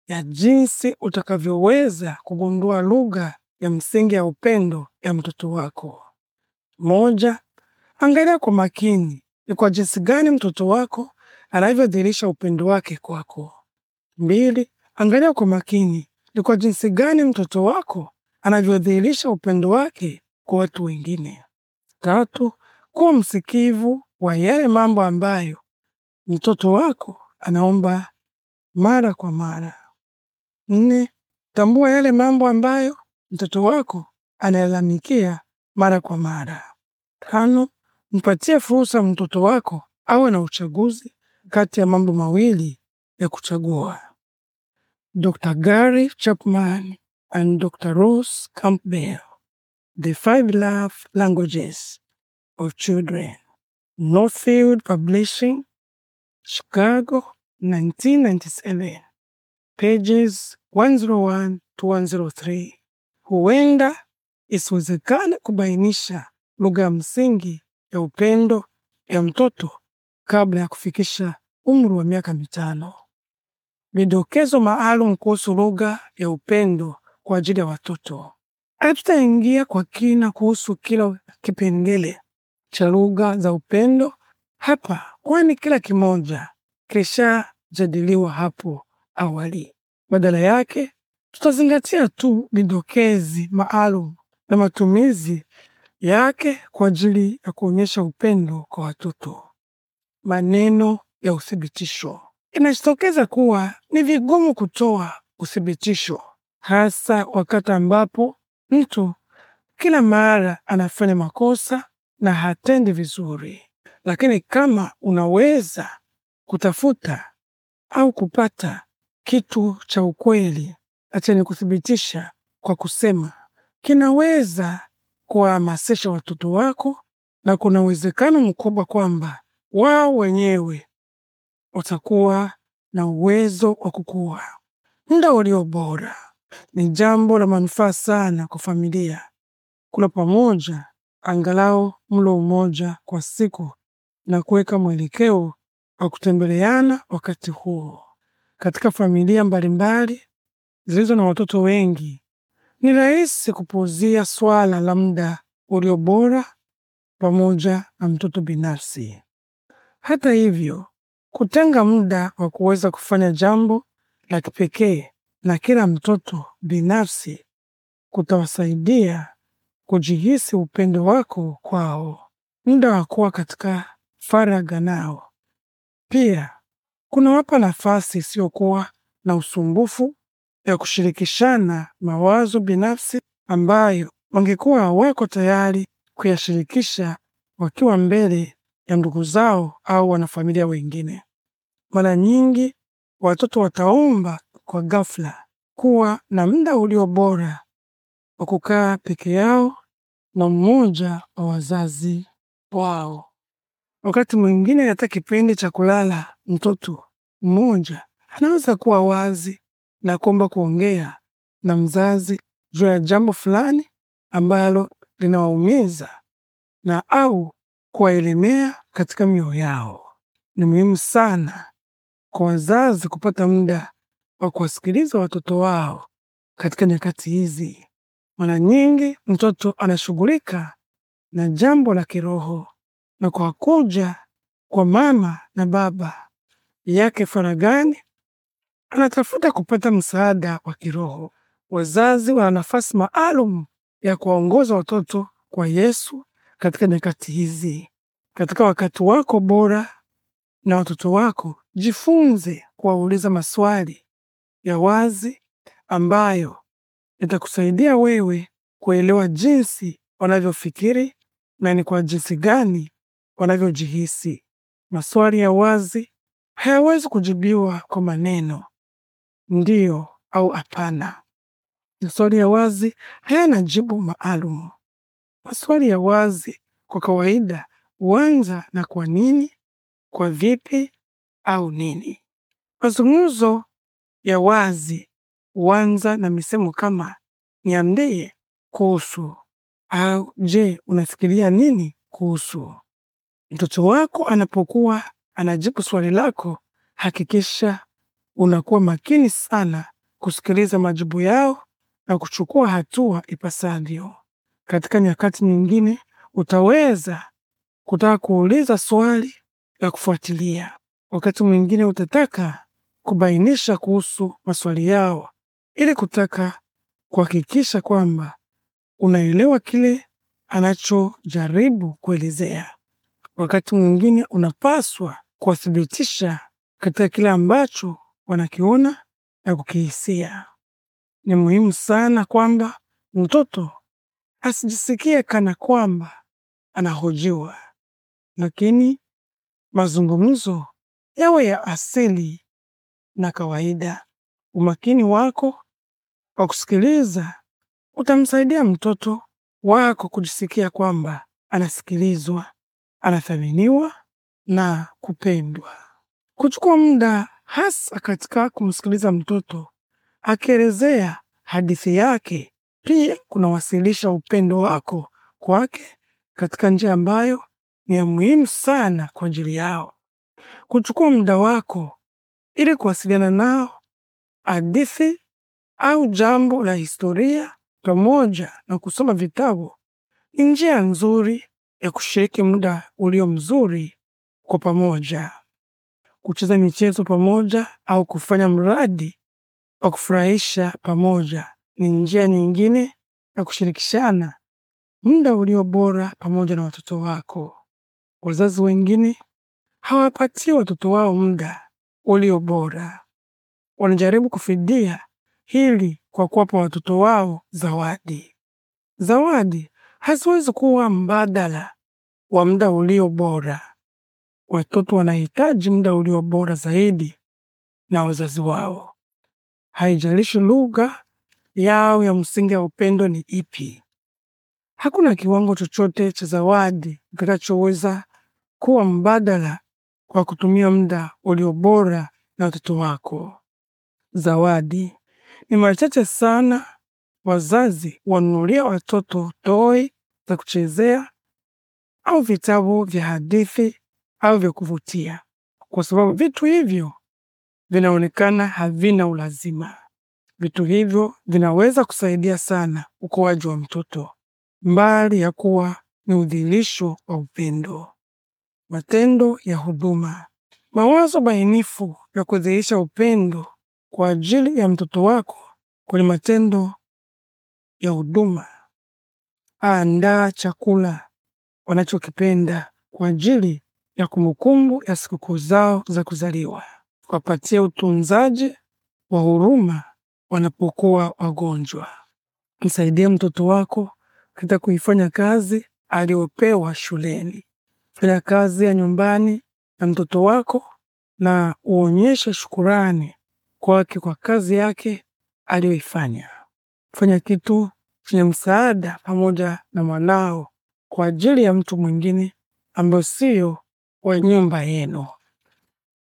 ya jinsi utakavyoweza kugundua lugha ya msingi ya upendo ya mtoto wako. Moja, angalia kwa makini ni kwa jinsi gani mtoto wako anavyodhihirisha upendo wake kwako. Mbili, angalia kwa makini ni kwa jinsi gani mtoto wako anavyodhihirisha upendo wake kwa watu wengine. Tatu, kuwa msikivu wa yale mambo ambayo mtoto wako anaomba mara kwa mara. Nne, tambua yale mambo ambayo mtoto wako analalamikia mara kwa mara. Tano, mpatie fursa mtoto wako awe na uchaguzi kati ya mambo mawili ya kuchagua. Dr. Gary Chapman and Dr. Rose Campbell, The Five Love Languages of Children, Northfield Publishing, Chicago, 1997, pages 101 to 103 huenda isiwezekane kubainisha lugha ya msingi ya upendo ya mtoto kabla ya kufikisha umri wa miaka mitano. Midokezo maalum kuhusu lugha ya upendo kwa ajili ya watoto. Hatutaingia kwa kina kuhusu kila kipengele cha lugha za upendo hapa, kwani kila kimoja kilishajadiliwa hapo awali. Badala yake Tutazingatia tu midokezi maalum na matumizi yake kwa ajili ya kuonyesha upendo kwa watoto. Maneno ya uthibitisho: inajitokeza kuwa ni vigumu kutoa uthibitisho, hasa wakati ambapo mtu kila mara anafanya makosa na hatendi vizuri, lakini kama unaweza kutafuta au kupata kitu cha ukweli acha kwa kusema kinaweza kuwahamasisha watoto wako, na kuna uwezekano mkubwa kwamba wao wenyewe watakuwa na uwezo wa kukua. Muda ulio bora ni jambo la manufaa sana kwa familia. Kula pamoja angalau mlo mmoja kwa siku na kuweka mwelekeo wa kutembeleana wakati huo. Katika familia mbalimbali zilizo na watoto wengi, ni rahisi kupuuzia swala la muda ulio bora pamoja na mtoto binafsi. Hata hivyo, kutenga muda wa kuweza kufanya jambo la kipekee na kila mtoto binafsi kutawasaidia kujihisi upendo wako kwao, muda wa kuwa katika faraga nao. Pia kunawapa nafasi isiyokuwa na usumbufu ya kushirikishana mawazo binafsi ambayo wangekuwa hawako tayari kuyashirikisha wakiwa mbele ya ndugu zao au wanafamilia wengine. Mara nyingi watoto wataomba kwa ghafla kuwa na muda ulio bora wa kukaa peke yao na mmoja wa wazazi wao. Wakati mwingine, hata kipindi cha kulala mtoto mmoja anaweza kuwa wazi na kuomba kuongea na mzazi juu ya jambo fulani ambalo linawaumiza na au kuwaelemea katika mioyo yao. Ni muhimu sana kwa wazazi kupata muda wa kuwasikiliza watoto wao katika nyakati hizi. Mara nyingi mtoto anashughulika na jambo la kiroho, na kwa kuja kwa mama na baba yake faragani anatafuta kupata msaada wa kiroho. Wazazi wana nafasi maalum ya kuwaongoza watoto kwa Yesu katika nyakati hizi. Katika wakati wako bora na watoto wako, jifunze kuwauliza maswali ya wazi ambayo itakusaidia wewe kuelewa jinsi wanavyofikiri na ni kwa jinsi gani wanavyojihisi. Maswali ya wazi hayawezi kujibiwa kwa maneno, ndio au hapana. Maswali ya wazi hayana jibu maalum. Maswali ya wazi kwa kawaida huanza na kwa nini, kwa vipi au nini. Mazungumzo ya wazi huanza na misemo kama niambie kuhusu au je, unafikiria nini kuhusu. Mtoto wako anapokuwa anajibu swali lako, hakikisha unakuwa makini sana kusikiliza majibu yao na kuchukua hatua ipasavyo. Katika nyakati nyingine, utaweza kutaka kuuliza swali la kufuatilia. Wakati mwingine, utataka kubainisha kuhusu maswali yao ili kutaka kuhakikisha kwamba unaelewa kile anachojaribu kuelezea. Wakati mwingine, unapaswa kuwathibitisha katika kile ambacho wanakiona na kukihisia. Ni muhimu sana kwamba mtoto asijisikie kana kwamba anahojiwa, lakini mazungumzo yawe ya asili na kawaida. Umakini wako wa kusikiliza utamsaidia mtoto wako kujisikia kwamba anasikilizwa, anathaminiwa na kupendwa. Kuchukua muda hasa katika kumsikiliza mtoto akielezea hadithi yake. Pia kunawasilisha upendo wako kwake katika njia ambayo ni ya muhimu sana kwa ajili yao. Kuchukua muda wako ili kuwasiliana nao, hadithi au jambo la historia pamoja na kusoma vitabu ni njia nzuri ya kushiriki muda ulio mzuri kwa pamoja kucheza michezo pamoja au kufanya mradi wa kufurahisha pamoja ni njia nyingine ya kushirikishana muda ulio bora pamoja na watoto wako. Wazazi wengine hawapatie watoto wao muda ulio bora, wanajaribu kufidia hili kwa kuwapa watoto wao zawadi. Zawadi haziwezi kuwa mbadala wa muda ulio bora watoto wanahitaji muda ulio bora zaidi na wazazi wao. Haijalishi lugha yao ya msingi ya upendo ni ipi. Hakuna kiwango chochote cha zawadi kitachoweza kuwa mbadala kwa kutumia muda ulio bora na watoto wako. Zawadi ni machache sana wazazi wanunulia watoto toi za kuchezea au vitabu vya hadithi au vya kuvutia, kwa sababu vitu hivyo vinaonekana havina ulazima. Vitu hivyo vinaweza kusaidia sana ukuaji wa mtoto, mbali ya kuwa ni udhihirisho wa upendo. Matendo ya huduma, mawazo bainifu ya kudhihirisha upendo kwa ajili ya mtoto wako kwenye matendo ya huduma. Andaa chakula wanachokipenda kwa ajili ya kumbukumbu ya sikukuu zao za kuzaliwa, wapatie utunzaji wa huruma wanapokuwa wagonjwa. Msaidie mtoto wako katika kuifanya kazi aliyopewa shuleni. Fanya kazi ya nyumbani na mtoto wako na uonyeshe shukurani kwake kwa kazi yake aliyoifanya. Fanya kitu chenye msaada pamoja na mwanao kwa ajili ya mtu mwingine ambayo siyo wa nyumba yenu,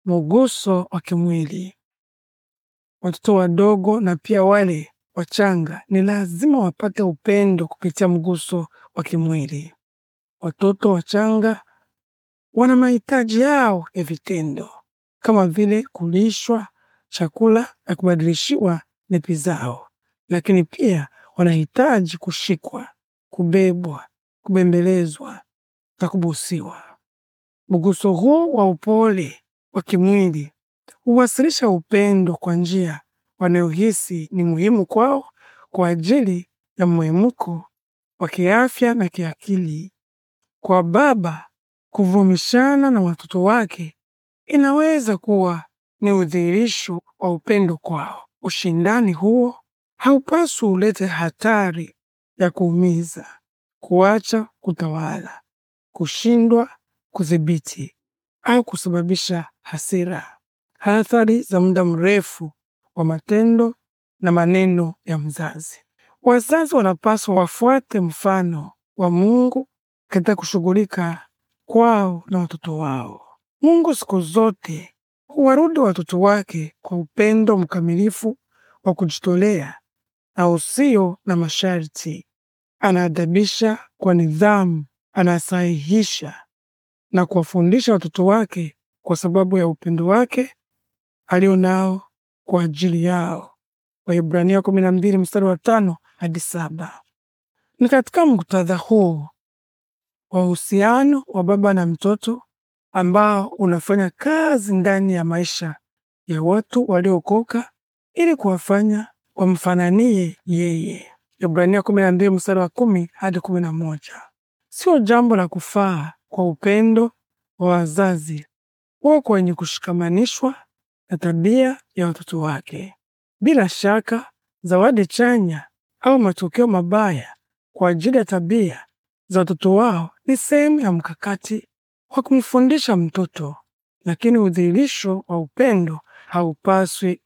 muguso wa kimwili. Watoto wadogo na pia wale wachanga ni lazima wapate upendo kupitia mguso wa kimwili. Watoto wachanga wana mahitaji yao ya vitendo kama vile kulishwa chakula na kubadilishiwa nepi zao, lakini pia wanahitaji kushikwa, kubebwa, kubembelezwa na kubusiwa. Mguso huu wa upole wa kimwili huwasilisha upendo kwa njia wanayohisi ni muhimu kwao kwa ajili ya mhemko wa kiafya na kiakili. Kwa baba, kuvumishana na watoto wake inaweza kuwa ni udhihirisho wa upendo kwao. Ushindani huo haupaswi ulete hatari ya kuumiza, kuacha kutawala, kushindwa kudhibiti au kusababisha hasira, athari za muda mrefu wa matendo na maneno ya mzazi. Wazazi wanapaswa wafuate mfano wa Mungu katika kushughulika kwao na watoto wao. Mungu siku zote huwarudi watoto wake kwa upendo mkamilifu wa kujitolea na usio na masharti. Anaadabisha kwa nidhamu, anasahihisha na kuwafundisha watoto wake kwa sababu ya upendo wake alio nao kwa ajili yao. Waebrania 12 mstari wa tano hadi saba. Ni katika muktadha huu wa uhusiano wa baba na mtoto ambao unafanya kazi ndani ya maisha ya watu waliokoka ili kuwafanya wamfananie yeye. Ibrania 12 mstari wa kumi hadi kumi na moja. Sio jambo la kufaa kwa upendo wa wazazi huko kwenye kushikamanishwa na tabia ya watoto wake. Bila shaka, zawadi chanya au matokeo mabaya kwa ajili ya tabia za watoto wao ni sehemu ya mkakati wa kumfundisha mtoto, lakini udhihirisho wa upendo haupaswi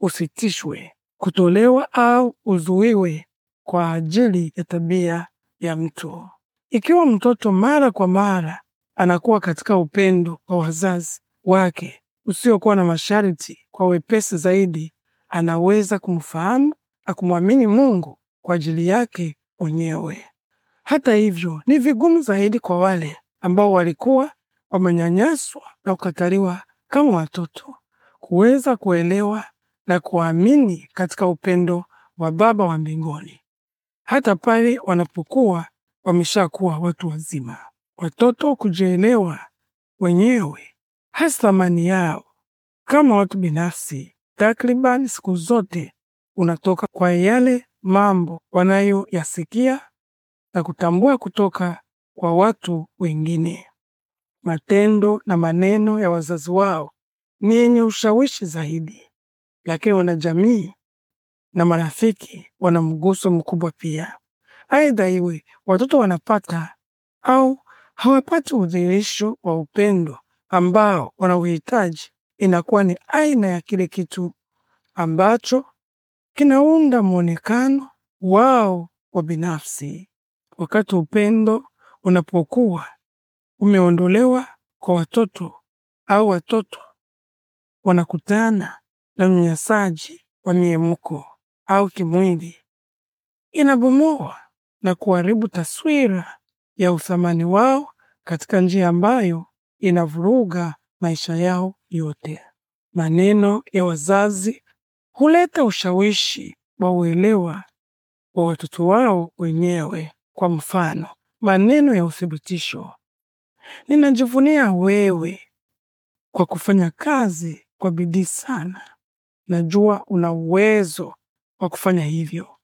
usitishwe kutolewa au uzuiwe kwa ajili ya tabia ya mtu. Ikiwa mtoto mara kwa mara anakuwa katika upendo kwa wazazi wake usiokuwa na masharti, kwa wepesi zaidi anaweza kumfahamu na kumwamini Mungu kwa ajili yake mwenyewe. Hata hivyo, ni vigumu zaidi kwa wale ambao walikuwa wamenyanyaswa na kukataliwa kama watoto kuweza kuelewa na kuamini katika upendo wa Baba wa mbinguni hata pale wanapokuwa wameshakuwa watu wazima. Watoto kujielewa wenyewe hasa thamani yao kama watu binafsi takriban siku zote unatoka kwa yale mambo wanayoyasikia na kutambua kutoka kwa watu wengine. Matendo na maneno ya wazazi wao ni yenye ushawishi zaidi, lakini wanajamii na marafiki wana mguso mkubwa pia. Aidha, iwe watoto wanapata au hawapati udhihirisho wa upendo ambao wanauhitaji, inakuwa ni aina ya kile kitu ambacho kinaunda mwonekano wao wa binafsi. Wakati upendo unapokuwa umeondolewa kwa watoto au watoto wanakutana na unyanyasaji wa miemuko au kimwili, inabomoa na kuharibu taswira ya uthamani wao katika njia ambayo inavuruga maisha yao yote. Maneno ya wazazi huleta ushawishi wa uelewa wa watoto wao wenyewe. Kwa mfano, maneno ya uthibitisho, ninajivunia wewe kwa kufanya kazi kwa bidii sana, najua una uwezo wa kufanya hivyo.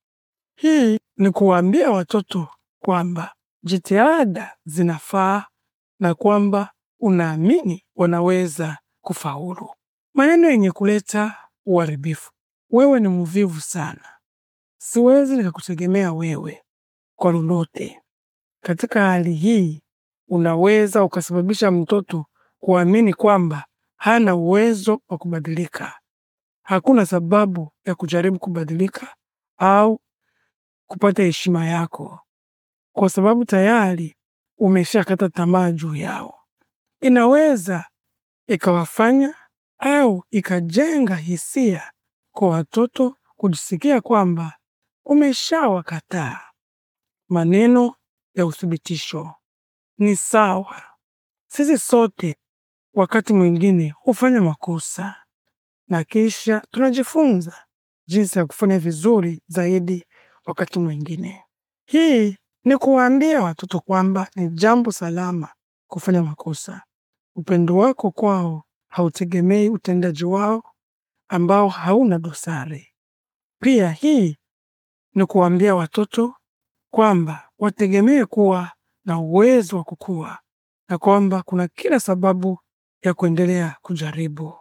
Hii ni kuwaambia watoto kwamba jitihada zinafaa na kwamba unaamini wanaweza kufaulu. Maneno yenye kuleta uharibifu: wewe ni mvivu sana, siwezi nikakutegemea wewe kwa lolote. Katika hali hii, unaweza ukasababisha mtoto kuamini kwamba hana uwezo wa kubadilika. Hakuna sababu ya kujaribu kubadilika au kupata heshima yako, kwa sababu tayari umeshakata tamaa juu yao. Inaweza ikawafanya au ikajenga hisia kwa watoto kujisikia kwamba umeshawakataa. Maneno ya uthibitisho ni sawa. Sisi sote wakati mwingine hufanya makosa na kisha tunajifunza jinsi ya kufanya vizuri zaidi wakati mwingine. Hii ni kuwaambia watoto kwamba ni jambo salama kufanya makosa. Upendo wako kwao hautegemei utendaji wao ambao hauna dosari. Pia hii ni kuwaambia watoto kwamba wategemee kuwa na uwezo wa kukua na kwamba kuna kila sababu ya kuendelea kujaribu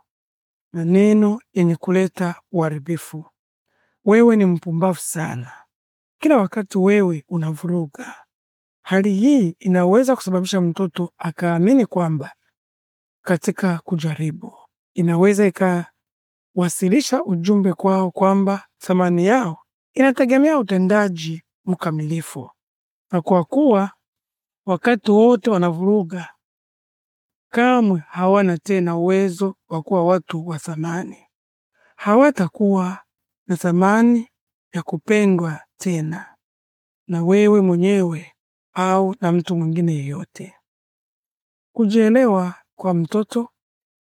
maneno yenye kuleta uharibifu. Wewe ni mpumbavu sana kila wakati wewe unavuruga. Hali hii inaweza kusababisha mtoto akaamini kwamba katika kujaribu inaweza ikawasilisha ujumbe kwao kwamba thamani yao inategemea utendaji mkamilifu, na kwa kuwa wakati wote wanavuruga, kamwe hawana tena uwezo wa kuwa watu wa thamani. Hawatakuwa na thamani ya kupendwa tena na wewe mwenyewe au na mtu mwingine yeyote. Kujielewa kwa mtoto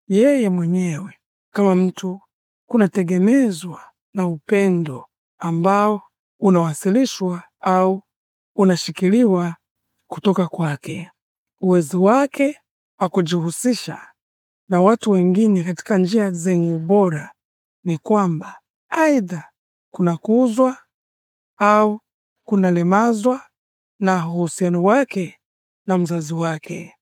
yeye mwenyewe kama mtu kunategemezwa na upendo ambao unawasilishwa au unashikiliwa kutoka kwake, uwezo wake wa kujihusisha na watu wengine katika njia zenye ubora. Ni kwamba aidha kuna kuuzwa au kunalemazwa na uhusiano wake na mzazi wake.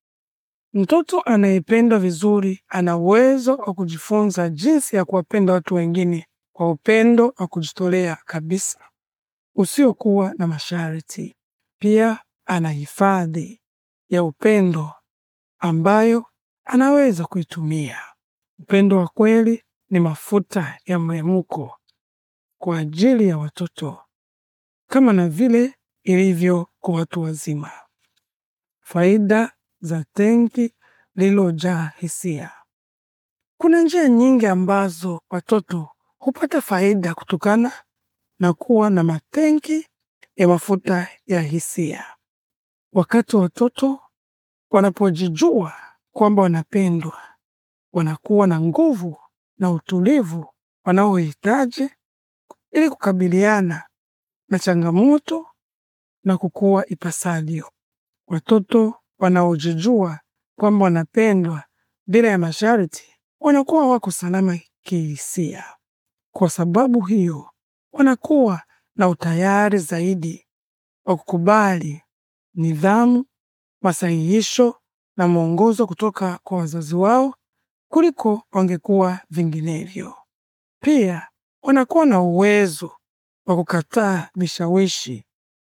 Mtoto anayependwa vizuri ana uwezo wa kujifunza jinsi ya kuwapenda watu wengine kwa upendo wa kujitolea kabisa usiokuwa na masharti. Pia ana hifadhi ya upendo ambayo anaweza kuitumia. Upendo wa kweli ni mafuta ya mwemuko kwa ajili ya watoto kama na vile ilivyo kwa watu wazima. Faida za tenki lililojaa hisia. Kuna njia nyingi ambazo watoto hupata faida kutokana na kuwa na matenki ya mafuta ya hisia. Wakati watoto wanapojijua kwamba wanapendwa, wanakuwa na nguvu na utulivu wanaohitaji ili kukabiliana na changamoto na kukua ipasavyo. Watoto wanaojijua kwamba wanapendwa bila ya masharti wanakuwa wako salama kihisia. Kwa sababu hiyo, wanakuwa na utayari zaidi wa kukubali nidhamu, masahihisho na mwongozo kutoka kwa wazazi wao kuliko wangekuwa vinginevyo. Pia wanakuwa na uwezo wa kukataa vishawishi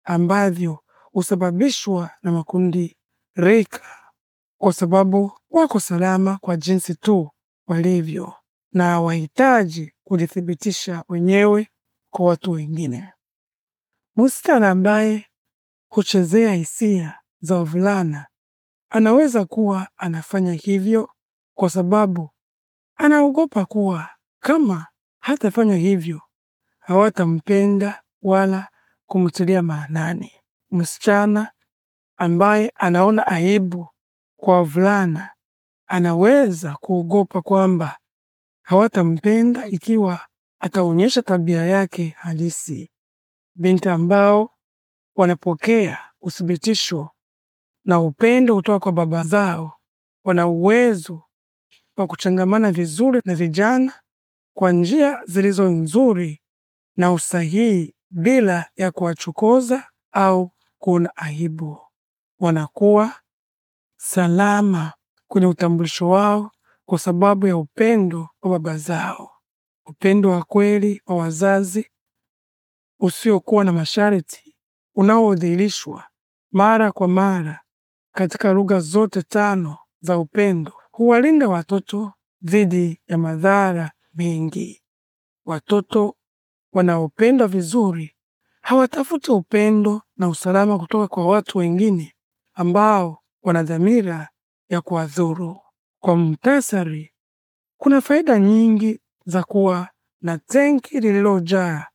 ambavyo husababishwa na makundi rika, kwa sababu wako salama kwa jinsi tu walivyo na hawahitaji kujithibitisha wenyewe kwa watu wengine. Msichana ambaye huchezea hisia za wavulana anaweza kuwa anafanya hivyo kwa sababu anaogopa kuwa kama hatafanya hivyo hawatampenda wala kumtilia maanani. Msichana ambaye anaona aibu kwa vulana anaweza kuogopa kwamba hawatampenda ikiwa ataonyesha tabia yake halisi. Binti ambao wanapokea uthibitisho na upendo kutoka kwa baba zao wana uwezo wa kuchangamana vizuri na vijana kwa njia zilizo nzuri na usahihi bila ya kuwachokoza au kuona aibu. Wanakuwa salama kwenye utambulisho wao kwa sababu ya upendo wa baba zao, upendo wa kweli wa wazazi usiokuwa na masharti, unaodhihirishwa mara kwa mara katika lugha zote tano za upendo, huwalinda watoto dhidi ya madhara mengi. Watoto wanaopenda vizuri hawatafuti upendo na usalama kutoka kwa watu wengine ambao wana dhamira ya kuwadhuru. Kwa muhtasari, kuna faida nyingi za kuwa na tenki lililojaa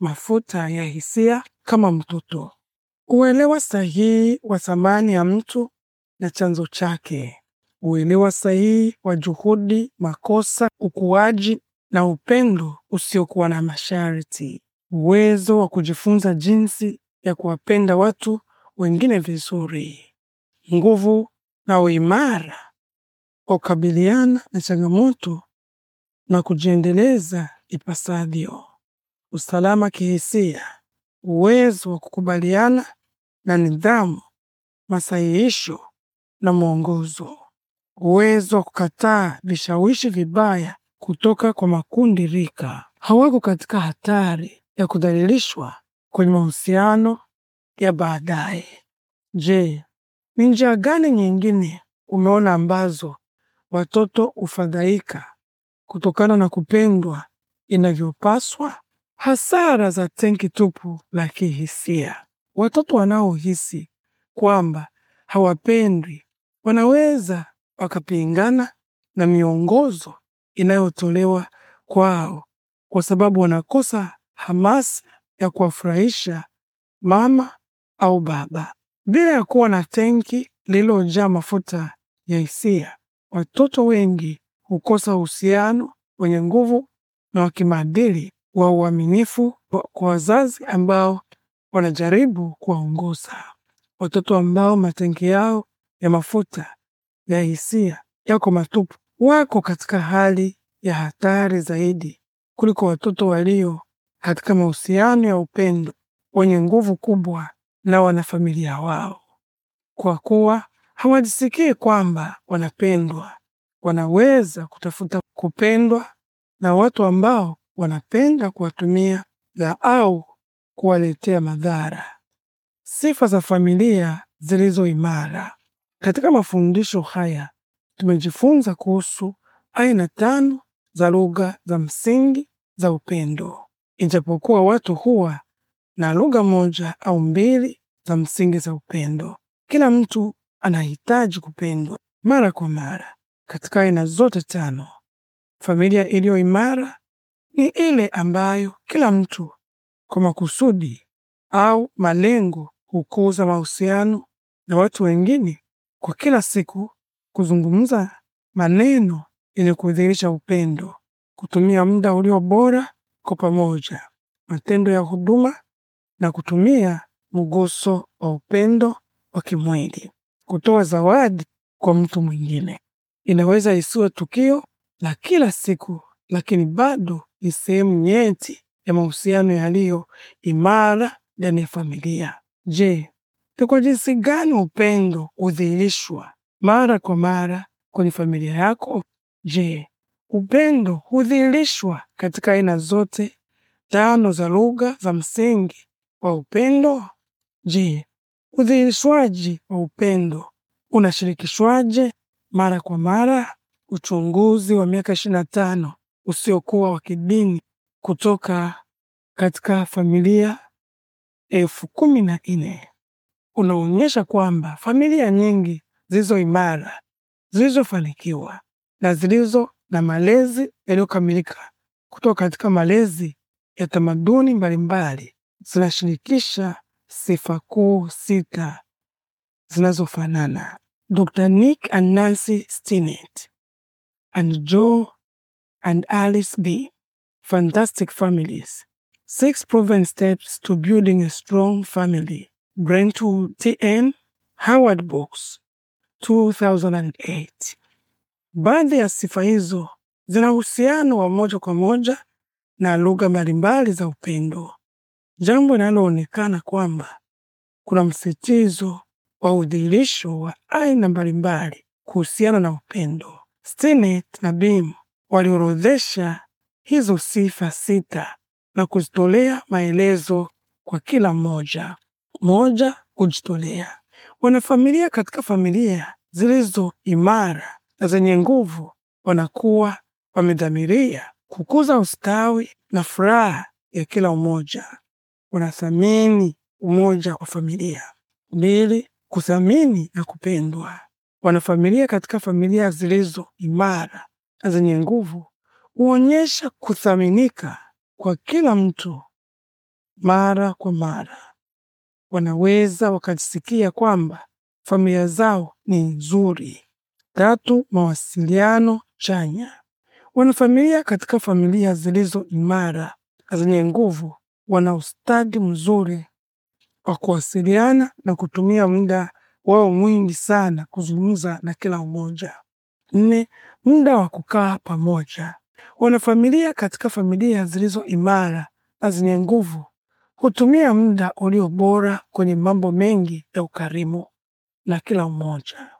mafuta ya hisia kama mtoto: uelewa sahihi wa thamani ya mtu na chanzo chake, uelewa sahihi wa juhudi, makosa, ukuaji na upendo usiokuwa na masharti, uwezo wa kujifunza jinsi ya kuwapenda watu wengine vizuri, nguvu na uimara wa kukabiliana na changamoto na kujiendeleza ipasavyo, usalama kihisia, uwezo wa kukubaliana na nidhamu, masahihisho na mwongozo, uwezo wa kukataa vishawishi vibaya kutoka kwa makundi rika hawako katika hatari ya kudhalilishwa kwenye mahusiano ya baadaye. Je, ni njia gani nyingine umeona ambazo watoto hufadhaika kutokana na kupendwa inavyopaswa? Hasara za tenki tupu la kihisia. Watoto wanaohisi kwamba hawapendwi wanaweza wakapingana na miongozo inayotolewa kwao, kwa sababu wanakosa hamasa ya kuwafurahisha mama au baba. Bila ya kuwa na tenki lililojaa mafuta ya hisia, watoto wengi hukosa uhusiano wenye nguvu na wa kimaadili wa uaminifu kwa wazazi ambao wanajaribu kuwaongoza. Watoto ambao matenki yao ya mafuta ya hisia yako matupu wako katika hali ya hatari zaidi kuliko watoto walio katika mahusiano ya upendo wenye nguvu kubwa na wanafamilia wao, kwa kuwa hawajisikii kwamba wanapendwa. Wanaweza kutafuta kupendwa na watu ambao wanapenda kuwatumia na au kuwaletea madhara. Sifa za familia zilizo imara. Katika mafundisho haya tumejifunza kuhusu aina tano za lugha za msingi za upendo. Ijapokuwa watu huwa na lugha moja au mbili za msingi za upendo, kila mtu anahitaji kupendwa mara kwa mara katika aina zote tano. Familia iliyo imara ni ile ambayo kila mtu kwa makusudi au malengo hukuza mahusiano na watu wengine kwa kila siku kuzungumza maneno yenye kudhihirisha upendo, kutumia muda ulio bora kwa pamoja, matendo ya huduma na kutumia mguso wa upendo wa kimwili. Kutoa zawadi kwa mtu mwingine inaweza isiwe tukio la kila siku, lakini bado ni sehemu nyeti ya mahusiano yaliyo imara ndani ya familia. Je, ni kwa jinsi gani upendo hudhihirishwa mara kwa mara kwenye familia yako? Je, upendo hudhihirishwa katika aina zote tano za lugha za msingi wa upendo? Je, udhihirishwaji wa upendo unashirikishwaje mara kwa mara? Uchunguzi wa miaka 25 usiokuwa wa kidini kutoka katika familia elfu kumi na nne unaonyesha kwamba familia nyingi zilizo imara, zilizofanikiwa na zilizo na malezi yaliyokamilika kutoka katika malezi ya tamaduni mbalimbali zinashirikisha sifa kuu sita zinazofanana. Dr. Nick and Nancy Stinnett and Joe and Alice B. Fantastic Families. Six Proven Steps to Building a Strong Family. Brentwood T.N. Howard Books. 2008. Baadhi ya sifa hizo zina uhusiano wa moja kwa moja na lugha mbalimbali za upendo, jambo linaloonekana kwamba kuna msitizo wa udhihirisho wa aina mbalimbali kuhusiana na upendo. Stinnett na Bim waliorodhesha hizo sifa sita na kuzitolea maelezo kwa kila mmoja. Moja, kujitolea. Wanafamilia katika familia zilizo imara na zenye nguvu wanakuwa wamedhamiria kukuza ustawi na furaha ya kila umoja. Wanathamini umoja wa familia. Mbili, kuthamini na kupendwa. Wanafamilia katika familia zilizo imara na zenye nguvu huonyesha kuthaminika kwa kila mtu mara kwa mara wanaweza wakajisikia kwamba familia zao ni nzuri. Tatu, mawasiliano chanya. Wanafamilia katika familia zilizo imara na zenye nguvu wana ustadi mzuri wa kuwasiliana na kutumia muda wao mwingi sana kuzungumza na kila mmoja. Nne, muda wa kukaa pamoja. Wanafamilia katika familia zilizo imara na zenye nguvu Hutumia muda ulio bora kwenye mambo mengi ya ukarimu na kila mmoja.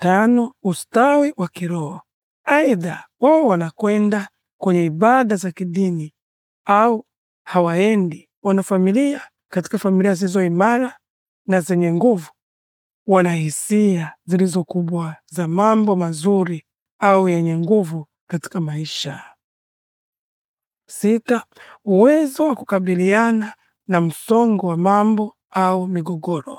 Tano, ustawi wa kiroho. Aidha, wao wanakwenda kwenye ibada za kidini au hawaendi. Wanafamilia katika familia zilizo imara na zenye nguvu wana hisia zilizo kubwa za mambo mazuri au yenye nguvu katika maisha. Sita, uwezo wa kukabiliana na msongo wa mambo au migogoro.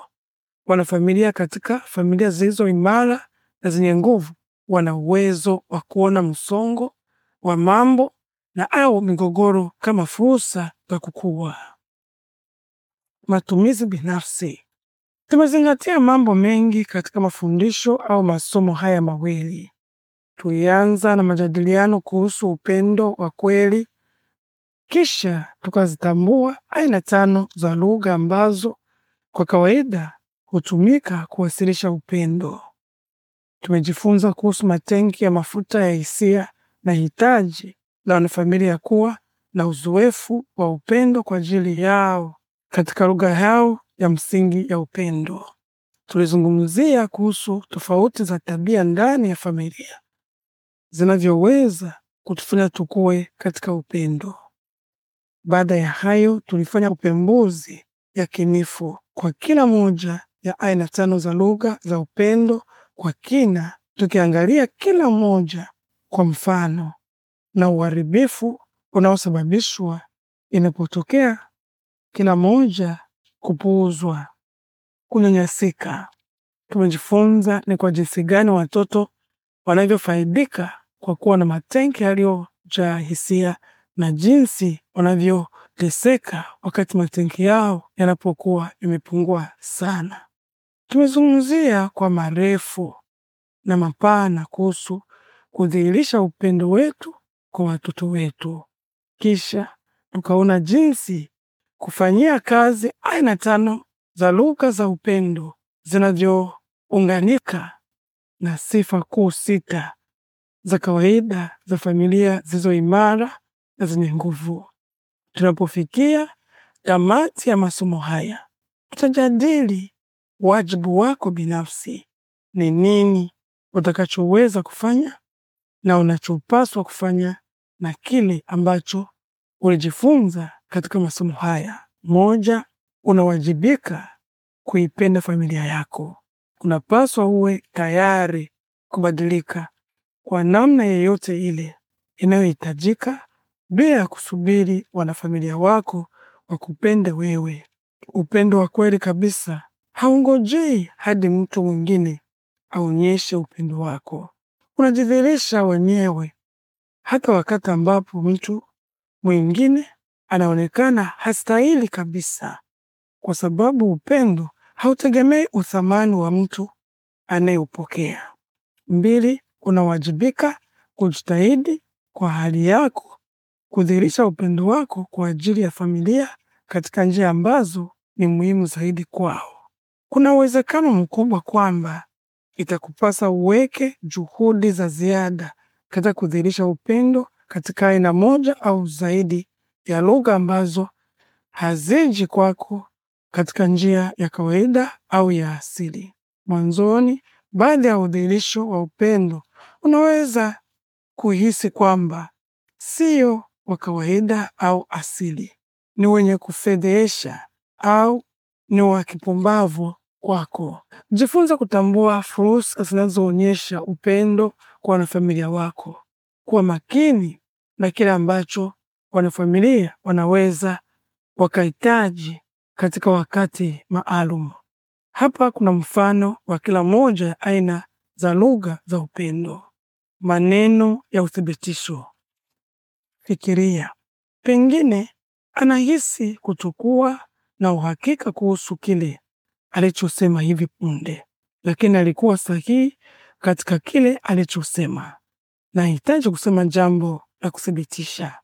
Wanafamilia katika familia zilizo imara na zenye nguvu wana uwezo wa kuona msongo wa mambo na au migogoro kama fursa za kukua. Matumizi binafsi. Tumezingatia mambo mengi katika mafundisho au masomo haya mawili. Tulianza na majadiliano kuhusu upendo wa kweli kisha tukazitambua aina tano za lugha ambazo kwa kawaida hutumika kuwasilisha upendo. Tumejifunza kuhusu matenki ya mafuta ya hisia na hitaji la wanafamilia kuwa na uzoefu wa upendo kwa ajili yao katika lugha yao ya msingi ya upendo. Tulizungumzia kuhusu tofauti za tabia ndani ya familia zinavyoweza kutufanya tukue katika upendo. Baada ya hayo, tulifanya upembuzi yakinifu kwa kila moja ya aina tano za lugha za upendo kwa kina, tukiangalia kila moja kwa mfano na uharibifu unaosababishwa inapotokea kila moja kupuuzwa. Kunyanyasika, tumejifunza ni kwa jinsi gani watoto wanavyofaidika kwa kuwa na matenki yaliyojaa hisia na jinsi wanavyoteseka wakati matenki yao yanapokuwa yamepungua sana. Tumezungumzia kwa marefu na mapana kuhusu kudhihirisha upendo wetu kwa watoto wetu, kisha tukaona jinsi kufanyia kazi aina tano za lugha za upendo zinavyounganika na sifa kuu sita za kawaida za familia zilizo imara na zenye nguvu. Tunapofikia tamati ya masomo haya, tutajadili wajibu wako binafsi ni nini, utakachoweza kufanya na unachopaswa kufanya na kile ambacho ulijifunza katika masomo haya. Moja, unawajibika kuipenda familia yako. Unapaswa uwe tayari kubadilika kwa namna yeyote ile inayohitajika bila ya kusubiri wanafamilia wako wakupende wewe. Upendo wa kweli kabisa haungojei hadi mtu mwingine aonyeshe upendo wako, unajidhihirisha wenyewe hata wakati ambapo mtu mwingine anaonekana hastahili kabisa, kwa sababu upendo hautegemei uthamani wa mtu anayeupokea. Mbili, unawajibika kujitahidi kwa hali yako kudhihirisha upendo wako kwa ajili ya familia katika njia ambazo ni muhimu zaidi kwao. Kuna uwezekano mkubwa kwamba itakupasa uweke juhudi za ziada katika kudhihirisha upendo katika aina moja au zaidi ya lugha ambazo haziji kwako katika njia ya kawaida au ya asili. Mwanzoni, baadhi ya udhihirisho wa upendo unaweza kuhisi kwamba siyo wa kawaida au asili, ni wenye kufedhehesha au ni wa kipumbavu kwako. jifunza kutambua fursa zinazoonyesha upendo kwa wanafamilia wako. Kuwa makini na kile ambacho wanafamilia wanaweza wakahitaji katika wakati maalum. Hapa kuna mfano wa kila moja ya aina za lugha za upendo. Maneno ya uthibitisho kufikiria. Pengine anahisi kutokuwa na uhakika kuhusu kile alichosema hivi punde, lakini alikuwa sahihi katika kile alichosema. Nahitaji kusema jambo la kuthibitisha.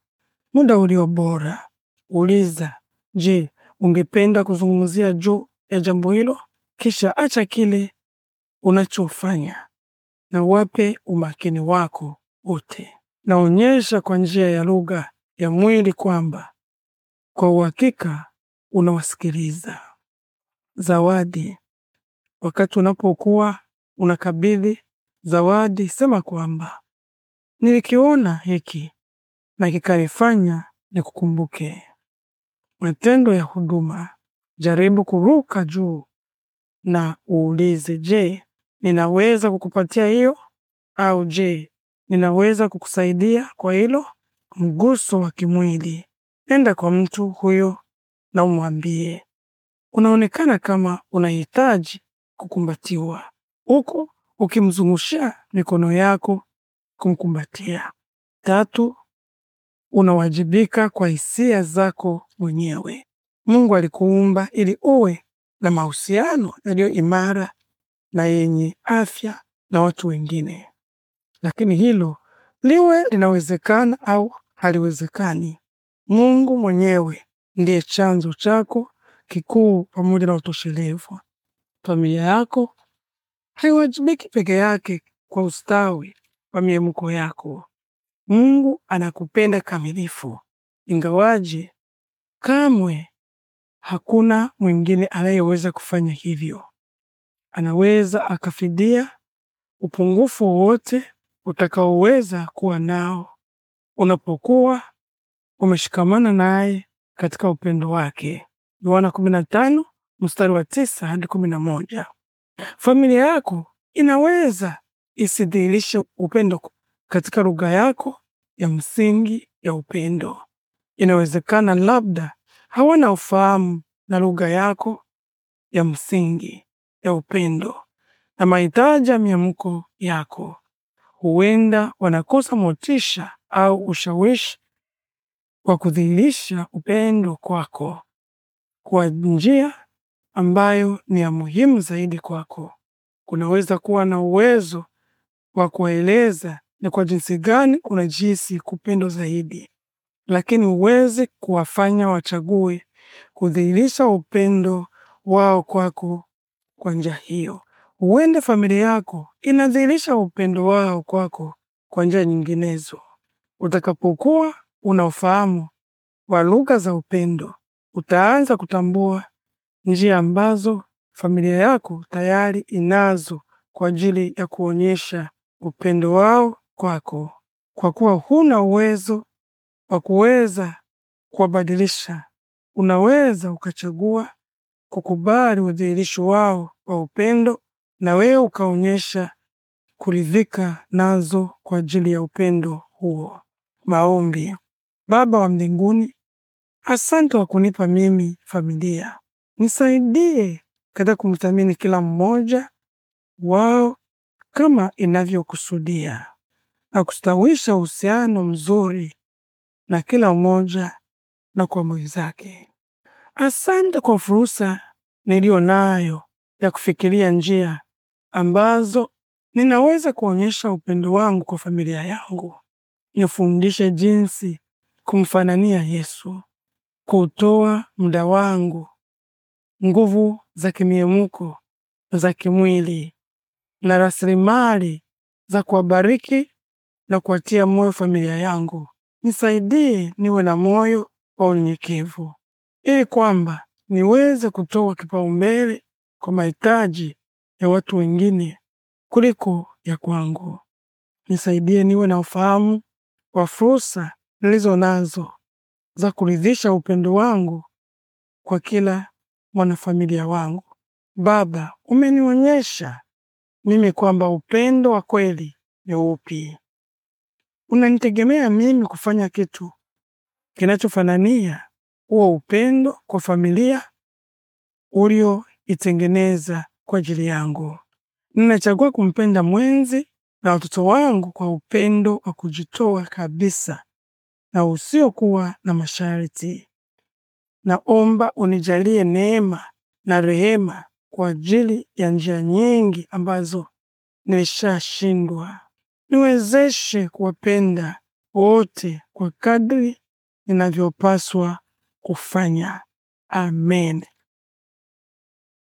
Muda ulio bora. Uliza, je, ungependa kuzungumzia juu ya jambo hilo? Kisha acha kile unachofanya na wape umakini wako wote naonyesha kwa njia ya lugha ya mwili kwamba kwa uhakika unawasikiliza. Zawadi: wakati unapokuwa unakabidhi zawadi, sema kwamba nilikiona hiki na kikanifanya nikukumbuke. Matendo ya huduma: jaribu kuruka juu na uulize, je, ninaweza kukupatia hiyo? Au je, ninaweza kukusaidia kwa hilo. Mguso wa kimwili, nenda kwa mtu huyo na umwambie unaonekana kama unahitaji kukumbatiwa, huku ukimzungusha mikono yako kumkumbatia. Tatu, unawajibika kwa hisia zako mwenyewe. Mungu alikuumba ili uwe na mahusiano yaliyo imara na yenye afya na watu wengine lakini hilo liwe linawezekana au haliwezekani, Mungu mwenyewe ndiye chanzo chako kikuu pamoja na utoshelevu. Familia yako haiwajibiki peke yake kwa ustawi wa miemko yako. Mungu anakupenda kamilifu, ingawaje kamwe hakuna mwingine anayeweza kufanya hivyo. Anaweza akafidia upungufu wowote utakaoweza kuwa nao unapokuwa umeshikamana naye katika upendo wake. Yohana 15 mstari wa 9 hadi 11. Familia yako inaweza isidhihirishe upendo katika lugha yako ya msingi ya upendo. Inawezekana labda hawana ufahamu na lugha yako ya msingi ya upendo na mahitaji ya miamko yako huenda wanakosa motisha au ushawishi wa kudhihirisha upendo kwako kwa njia ambayo ni ya muhimu zaidi kwako. Kunaweza kuwa na uwezo wa kuwaeleza ni kwa jinsi gani unajihisi kupendwa zaidi, lakini huwezi kuwafanya wachague kudhihirisha upendo wao kwako kwa njia hiyo huenda familia yako inadhihirisha upendo wao kwako kwa njia nyinginezo. Utakapokuwa una ufahamu wa lugha za upendo, utaanza kutambua njia ambazo familia yako tayari inazo kwa ajili ya kuonyesha upendo wao kwako. Kwa kuwa huna uwezo wa kuweza kuwabadilisha, unaweza ukachagua kukubali udhihirisho wao wa upendo na wewe ukaonyesha kuridhika nazo kwa ajili ya upendo huo. Maombi. Baba wa mbinguni, asante kwa kunipa mimi familia. Nisaidie katika kumthamini kila mmoja wao kama inavyokusudia na kustawisha uhusiano mzuri na kila mmoja na kwa mwenzake. Asante kwa fursa niliyo nayo ya kufikiria njia ambazo ninaweza kuonyesha upendo wangu kwa familia yangu. Nifundishe jinsi kumfanania Yesu, kutoa muda wangu, nguvu za kimiemuko za kimwili na rasilimali za kuwabariki na kuwatia moyo familia yangu. Nisaidie niwe na moyo wa unyenyekevu, ili kwamba niweze kutoa kipaumbele kwa mahitaji ya watu wengine kuliko ya kwangu. Nisaidie niwe na ufahamu wa fursa nilizo nazo za kuridhisha upendo wangu kwa kila mwanafamilia wangu. Baba, umenionyesha mimi kwamba upendo wa kweli ni upi. Unanitegemea mimi kufanya kitu kinachofanania huo upendo kwa familia ulioitengeneza kwa ajili yangu. Ninachagua kumpenda mwenzi na watoto wangu kwa upendo wa kujitoa kabisa na usiokuwa na masharti. Naomba unijalie neema na rehema kwa ajili ya njia nyingi ambazo nimeshashindwa. Niwezeshe kuwapenda wote kwa kadri ninavyopaswa kufanya. Amen.